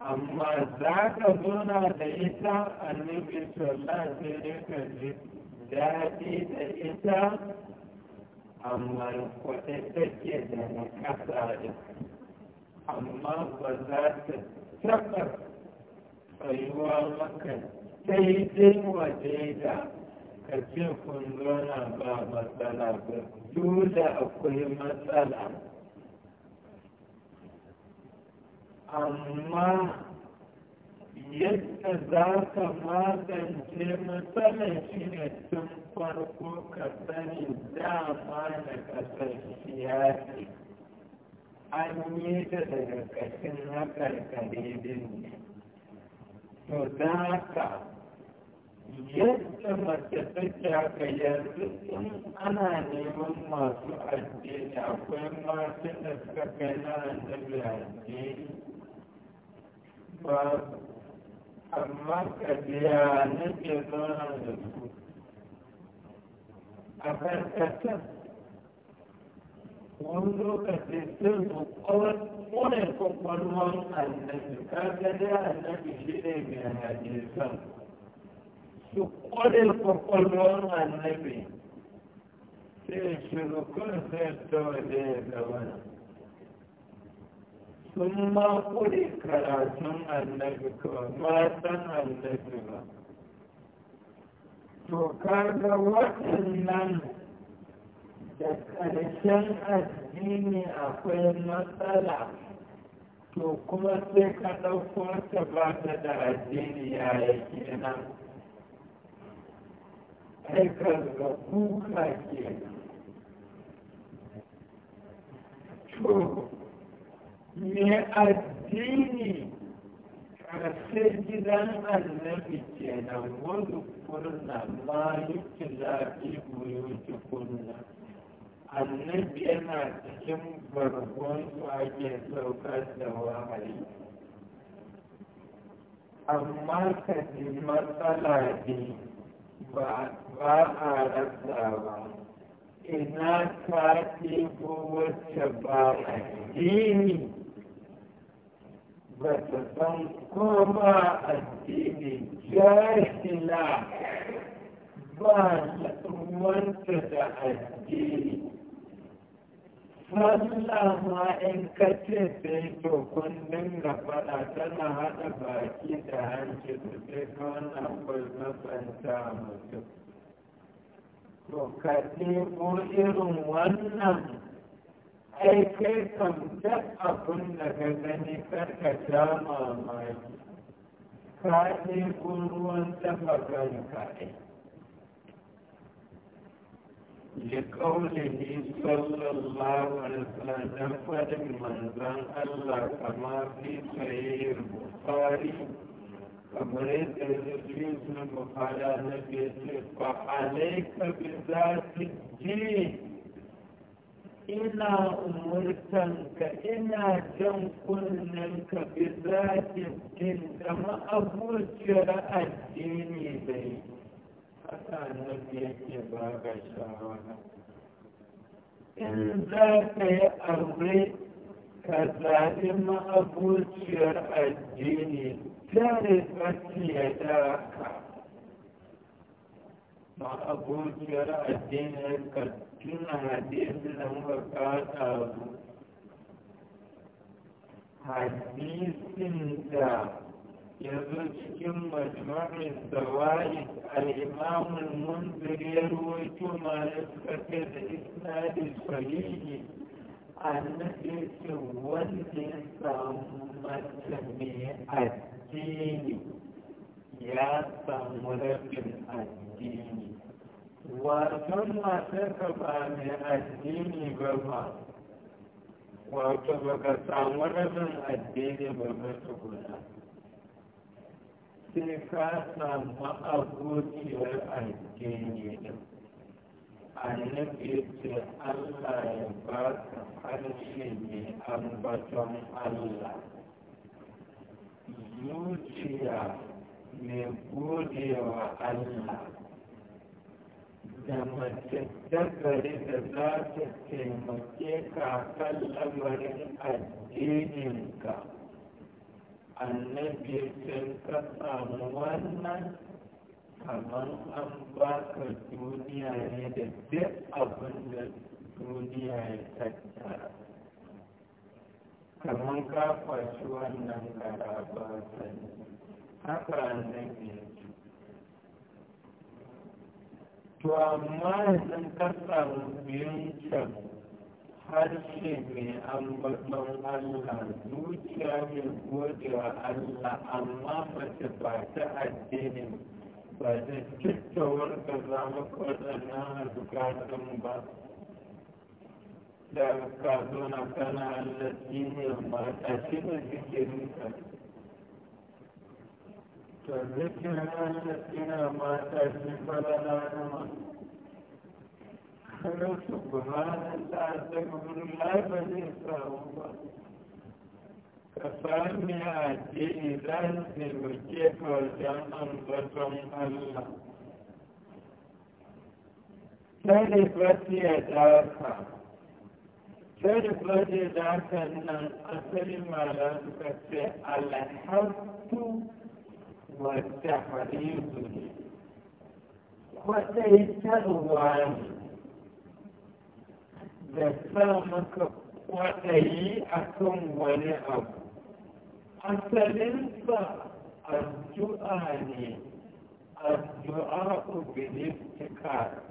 amma za ka zona da ita annabi sallah sai dai ka ji daɗi da ita amma kwaɗe take da na da amma ba za ta taɓa tsayuwa maka daidai wa daida ka ce kun ba matsala ba da akwai matsala amma yadda za ka magance matsalar shi ne tun farko ka sani dama da kasar siyasi an yi ta daga kashin haƙarƙare ne to za ka, yadda mace take haka yanzu in ana neman masu addini akwai masu da suka kai na annabi addini ba amma ka biya na ke zauna da su a karkatar wani lokaci sun zuƙon ƙone kwakwalwan annabi kaga dai annabi shi ne mai hadisan su ƙone kwakwalwan annabi sai shi rukun sai ta waje ya zama sun ma kure karatun annabi kawai ba san annabi ba to kaga waɗannan da ƙarshen addini akwai matsala to kuma sai ka ɗauko ta ba ta da addini yi kenan ai ka ga kuka kenan mai addini ƙarshe gidan annabi ke nan wani kurna ma yake zafi buyuti kurna annabi yana cikin bargon su ake saukar da wahayi amma ka ji matsala ne ba a rasa ba ina ta ɗebo wacce ba addini ba ta san koma addini jahila ba wanta da addini sallah ma in ka ce sai to kullum ga faɗa tana haɗa baki da hanci da sai ka wannan kwalmatsanta mutum to ka ɗebo irin wannan ai kai kan duk abin da ka gani karka sha mamaki ka لقوله صلى الله عليه وسلم فلمن من الله كما في صحيح البخاري فبريت الحديث من بخاري النبي فعليك بذات الدين إنا أمرت كإنا جم كنا كبذات الدين كما أبو جرى الدين بي حتى نبيك باب شعرنا إن ذاك يا أبي كذا إما أبو جرى الدين تعرفت يداك ما أبو جرى الدين كذا cikin hadisin da muka kasa su hadisin da ya zo cikin majmamin zawa'id al'imamun munzir ya ruwaito ma ya suka da isnadin sahihi annabi ce wanda ya samu mace mai addini ya samu rabin addini wasan matarka ba mai addini ba ba wato ba ka samu rabin addini ba ba tukuna sai ka samu abokiyar addini din annabi ce Allah ya ba ka harshe mai ambaton Allah zuciya mai godewa Allah da matattakare da za ta taimake ka kan lamarin addininka annabi sun ka samu wannan kamar an baka duniya ne da duk abin da duniya ya tattara kamar ka kwashi wannan garaba haka annabi to amma idan ka samu can harshe mai ambaton Allah zuciya mai gode wa Allah amma mace ba ta addinin ba ta cittawar na zama waɗannan hazukatan ba da ka zo na kana Allah shi ne ba ta shi ne suke nuka فذكر نفسنا ما تكلف لنا نمى قالوا سبحان الله تكبر لا بديس الله كفاني آتي إذن سلوكيك وجمع بكم الله تعرفت يداك تعرفت يداك أن أصل ما لك الحق والتحريض kwaɗaitarwa da sa maka kwaɗayi a kan wani abu asalinsa addu'a ne addu'a ubilistika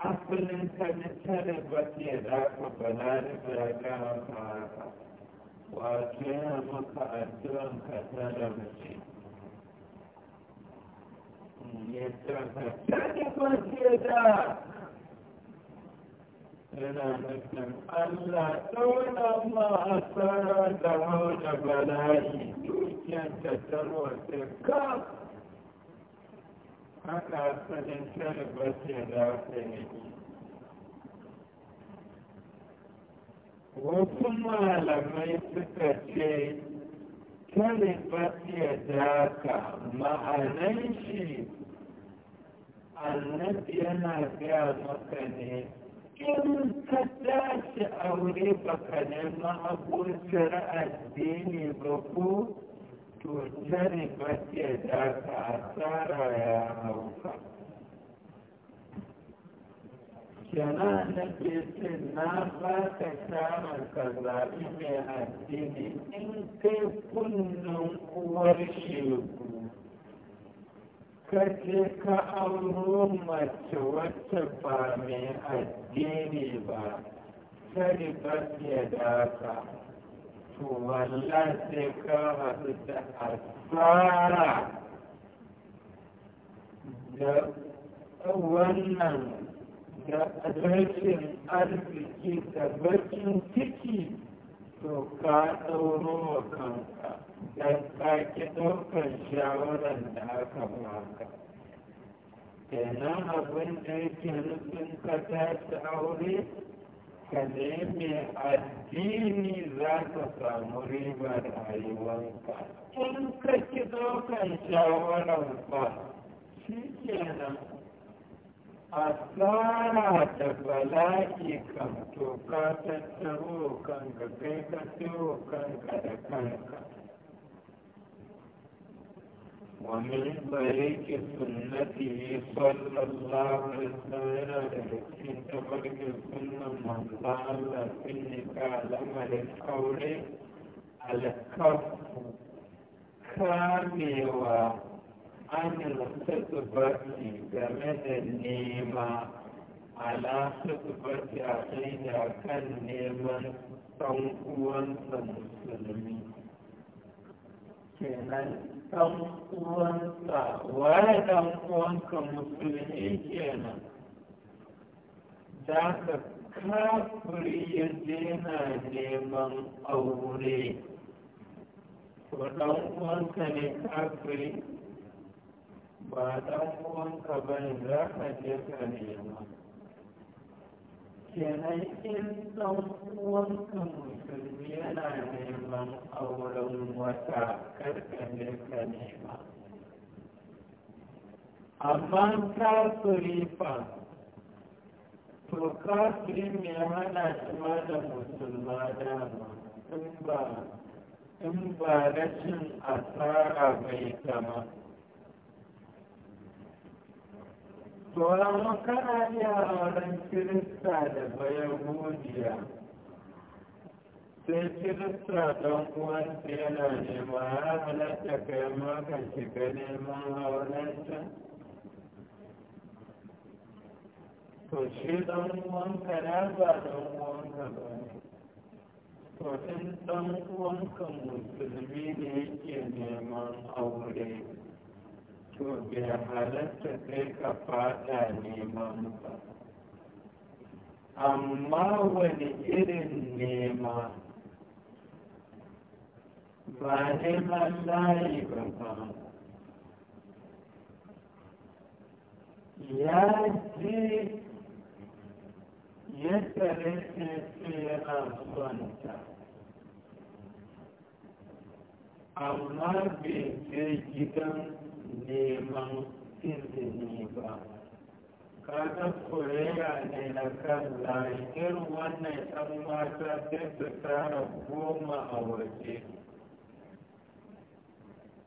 asalin ka na tare ba ke da bala da bala maka haka wato yana maka addu'an ka tare mace Sake da yana nufin Allah tsawon ma da hauna bala'i dukiyar da tarwata ka haka sanin da wasu malamai suka ce talibar ya daka ma'anai shi annabi yana gaya maka ne in ka tashi a wuri baka nema abunci ra'addini ba ku to talibar ya daka a tsara ya hauka. kenan nake ce na ba ka shawar ka zaɓi mai addini in kai kunnen uwar shegu ka je ka auro mace wacce ba mai addini ba ta riba ya daka to wallah sai ka haɗu da asara da wannan da rashin arziki da bakin ciki to ka ɗauro wa kanka don ka ɗaukar shawarar da aka baka kenan abin da yake nufin ka tashi aure ka nemi addini za ka samu ribar rayuwarka in ka ki ɗaukar shawarar ba shi kenan asara da bala'i kan toka tattaro kan ga kai ka tsoro kan ga da kanka wani bari ke sunnati yi sallallahu alaihi wa sallam da hukki ta farki sunan manzala sun ne ka lamari alkafu kamewa an al-satbati game da nema ala satbati a da kan neman ɗan musulmi kenan ɗan uwansa waye ɗan uwanka musulmi kenan da kafiri ya daina neman aure Ko ɗan ne kafiri ba ɗan uwanka ba ne za ka je ka nema kenan in ɗan uwanka musulmi yana neman auren wata karka je ka nema amma kafiri fa to kafiri mai hana shi ma da musulma dama in ba rashin asara bai kama. tsoron kana iya auren kirista da bayan hudiya sai kirista don uwansa yana nema ya halatta kai maka shiga neman aurensa to shi don uwanka na ba don uwanka ba ne to in don uwanka musulmi ne yake neman aure kafaɗa neman ba amma wani irin nema ba neman layi ba ba ya ji yadda rikin su yana sonta amma bai je gidan neman izini ba ne na kan layi irin wannan ɗan mata sai tara goma a waje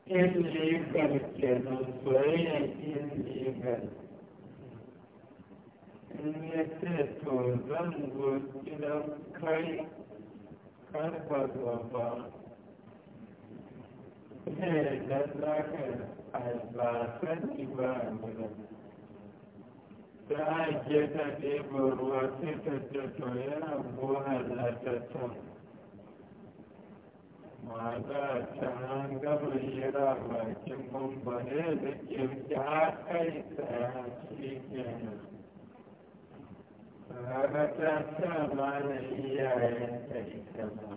illegal kenan soyayya illegal in ya ce to zan zo kai Dendakan Al-Fatihah Ibrahim Sahaja tadi berwasi Kecetulnya Buat Al-Fatihah Maka Sangka berjirah Bagi membeli Dikim jahat Sehatsiknya Sahaja Sama Ia Yang Terima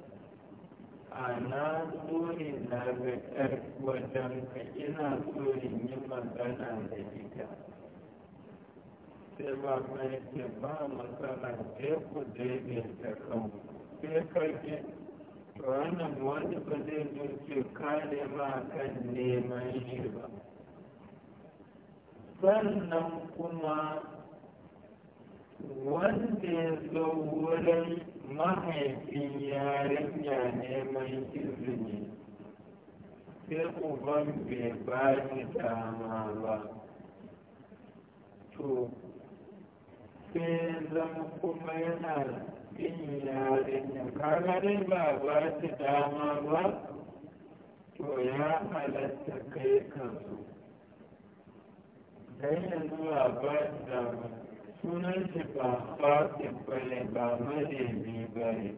a na so na ga wajen ina tsorin yi magana da ita sai ba mai ce ba matsala sai ku daidaita kan sai karfi to wannan wani ba zai zo kare ma kan neman shi ba sannan kuma wanda ya zo wurin mahaifin yarinya neman izini sai uban bai ba ni dama ba to sai zama kuma yana bin yarinya kagarai ba ba shi dama ba to ya halatta kai kansu don yanzu ba ba shi dama sunan shi ba fatin bane ba maremi bane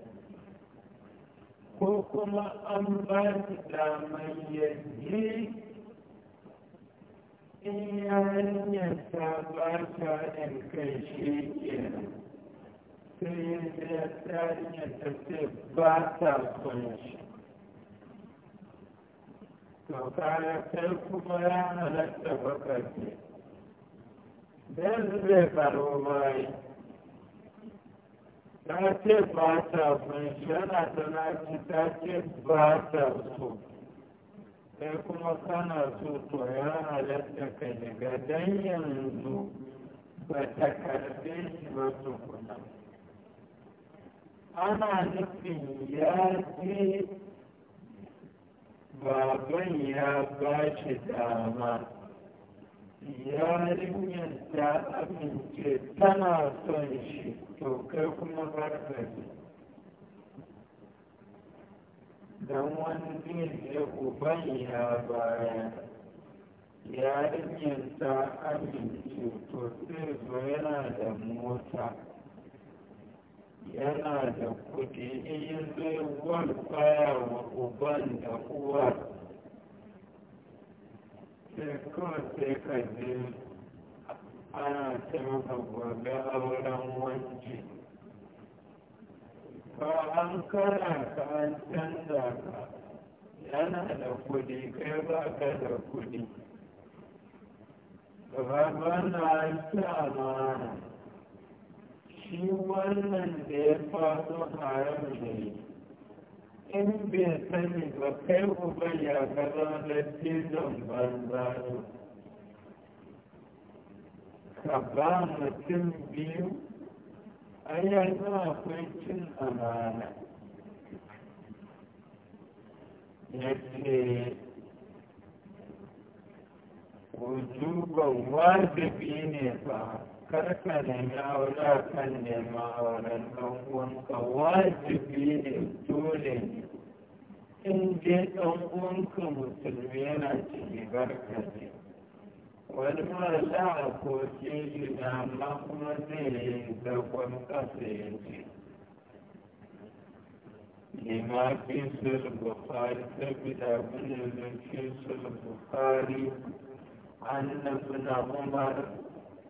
ko kuma an ba shi damar yaje in yarinyar ta ba ta ɗin kai shi kenan sai yarinyar ta ce ba ta kunshi. shi to kaya kuma ya halatta baka ce yanzu zai karo bayi ta ce ba ta son shi yana tana ta ce ba ta so sai kuma kana so to ya halatta ka shiga don yanzu ba ta karbe shi ba tukuna ana nufin ya ce baban ya ba shi dama yarinyar ta amince tana son shi to kai kuma ba ka don wani zai ya uban ya baya yarinyar ta amince to sai zo yana da mota yana da kuɗi in zai kwaya wa uban da uwar sai kawai sai ana ce maka a wurin wanci ba an kara ka an canza ka yana da kuɗi kai ba ka da kuɗi gaba na ci amana shi wannan da ya faso haram ne in bai sani ba kai uba ya gaba na cizon banzaro ka ba mutum biyu a yanzu akwai cin amana ya ce wujuban wajibi ne ba karka nemi aure kan nema auren ɗan uwanka wajibi ne dole ne in je ɗan uwanka musulmi yana ciki barka ne wani mara la'a ko keji na amma kuma zai yi zagon ƙasa ya ce لما في البخاري ثبت أبن في البخاري أن ابن عمر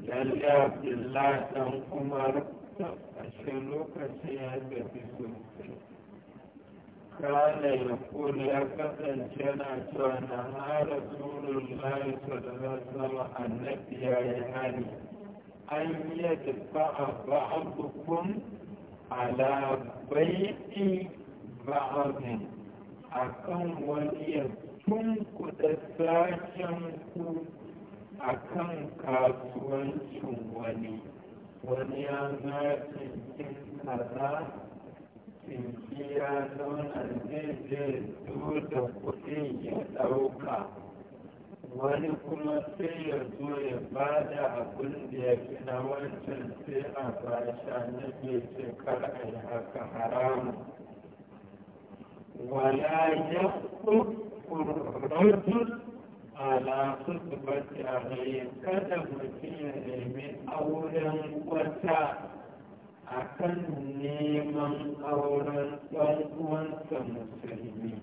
da abdullahi dan umar ashe lokacin ya tafi sosai kana ya ya kasance na cewa na hara turun layi sadarar sama annabi ya yi hali an yi ya tafa a ba'abukun ala baiti ba'abin a kan wani ya tunkuta sashen kuka a kan kasuwancin wani wani ya na cikin kaza cinki ya zauna zai je da kuɗin ya ɗauka wani kuma sai ya zo ya ba da abin da ya fi na wancan sai a basha na bai ce kar a yi haka haramu wala ya ƙurƙurƙurƙur ala kusurbaci a kada mutum ya nemi auren wata a kan neman auren ɗan'uwansa musulmi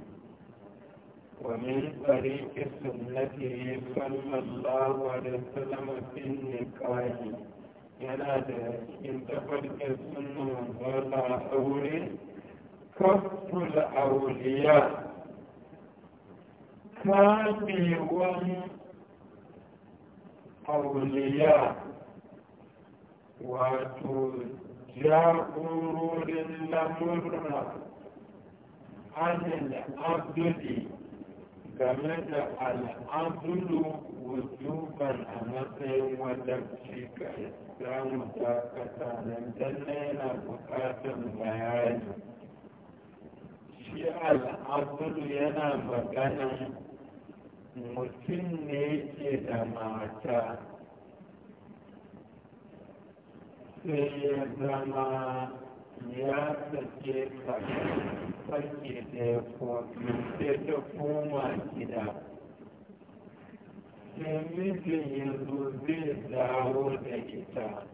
ومن طريق سنته صلى الله عليه وسلم في النكاح yana da cikin tafarkin sunan wala aure kafin kamewan auliya wato jagororin lamurra hannun abdulli game da al'abdullu wujuban a matsayin wadabci ga islamu dakata nan danna yana bukatar bayani shi al'abdullu yana maganin mutum ne yake da mata sai ya zama ya sake sake da ya kofi sai ta koma gida sai mijin ya zo zai dawo da ita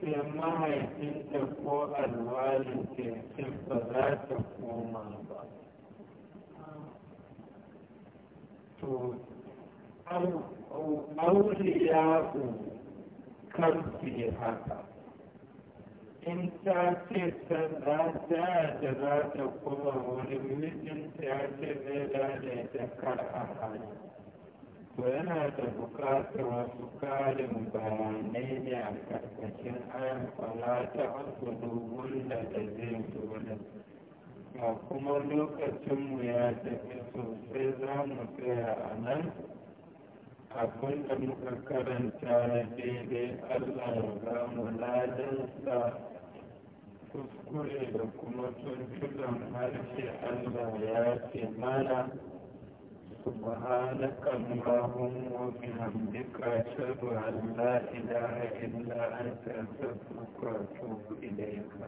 sai mahaifinta ko alwalin ba za ta koma ba auliya kan su yi haka in ta ce sanda ta da za ta kuma wani mijinta ya ce zai dade ta kar a hali to yana da bukatar wasu karin bayanai ne a karkashin ayan fala ta wasu wanda da zai wani ga kuma lokacinmu ya tafi sosai za mu tsaya a nan abin da muka karanta na daidai allah ya za mu ladansa kuskure da kuma tuntunan harshe allah ya ce mana سبحانك اللهم وبحمدك أشهد أن لا إله إلا أنت أستغفرك وأتوب إليك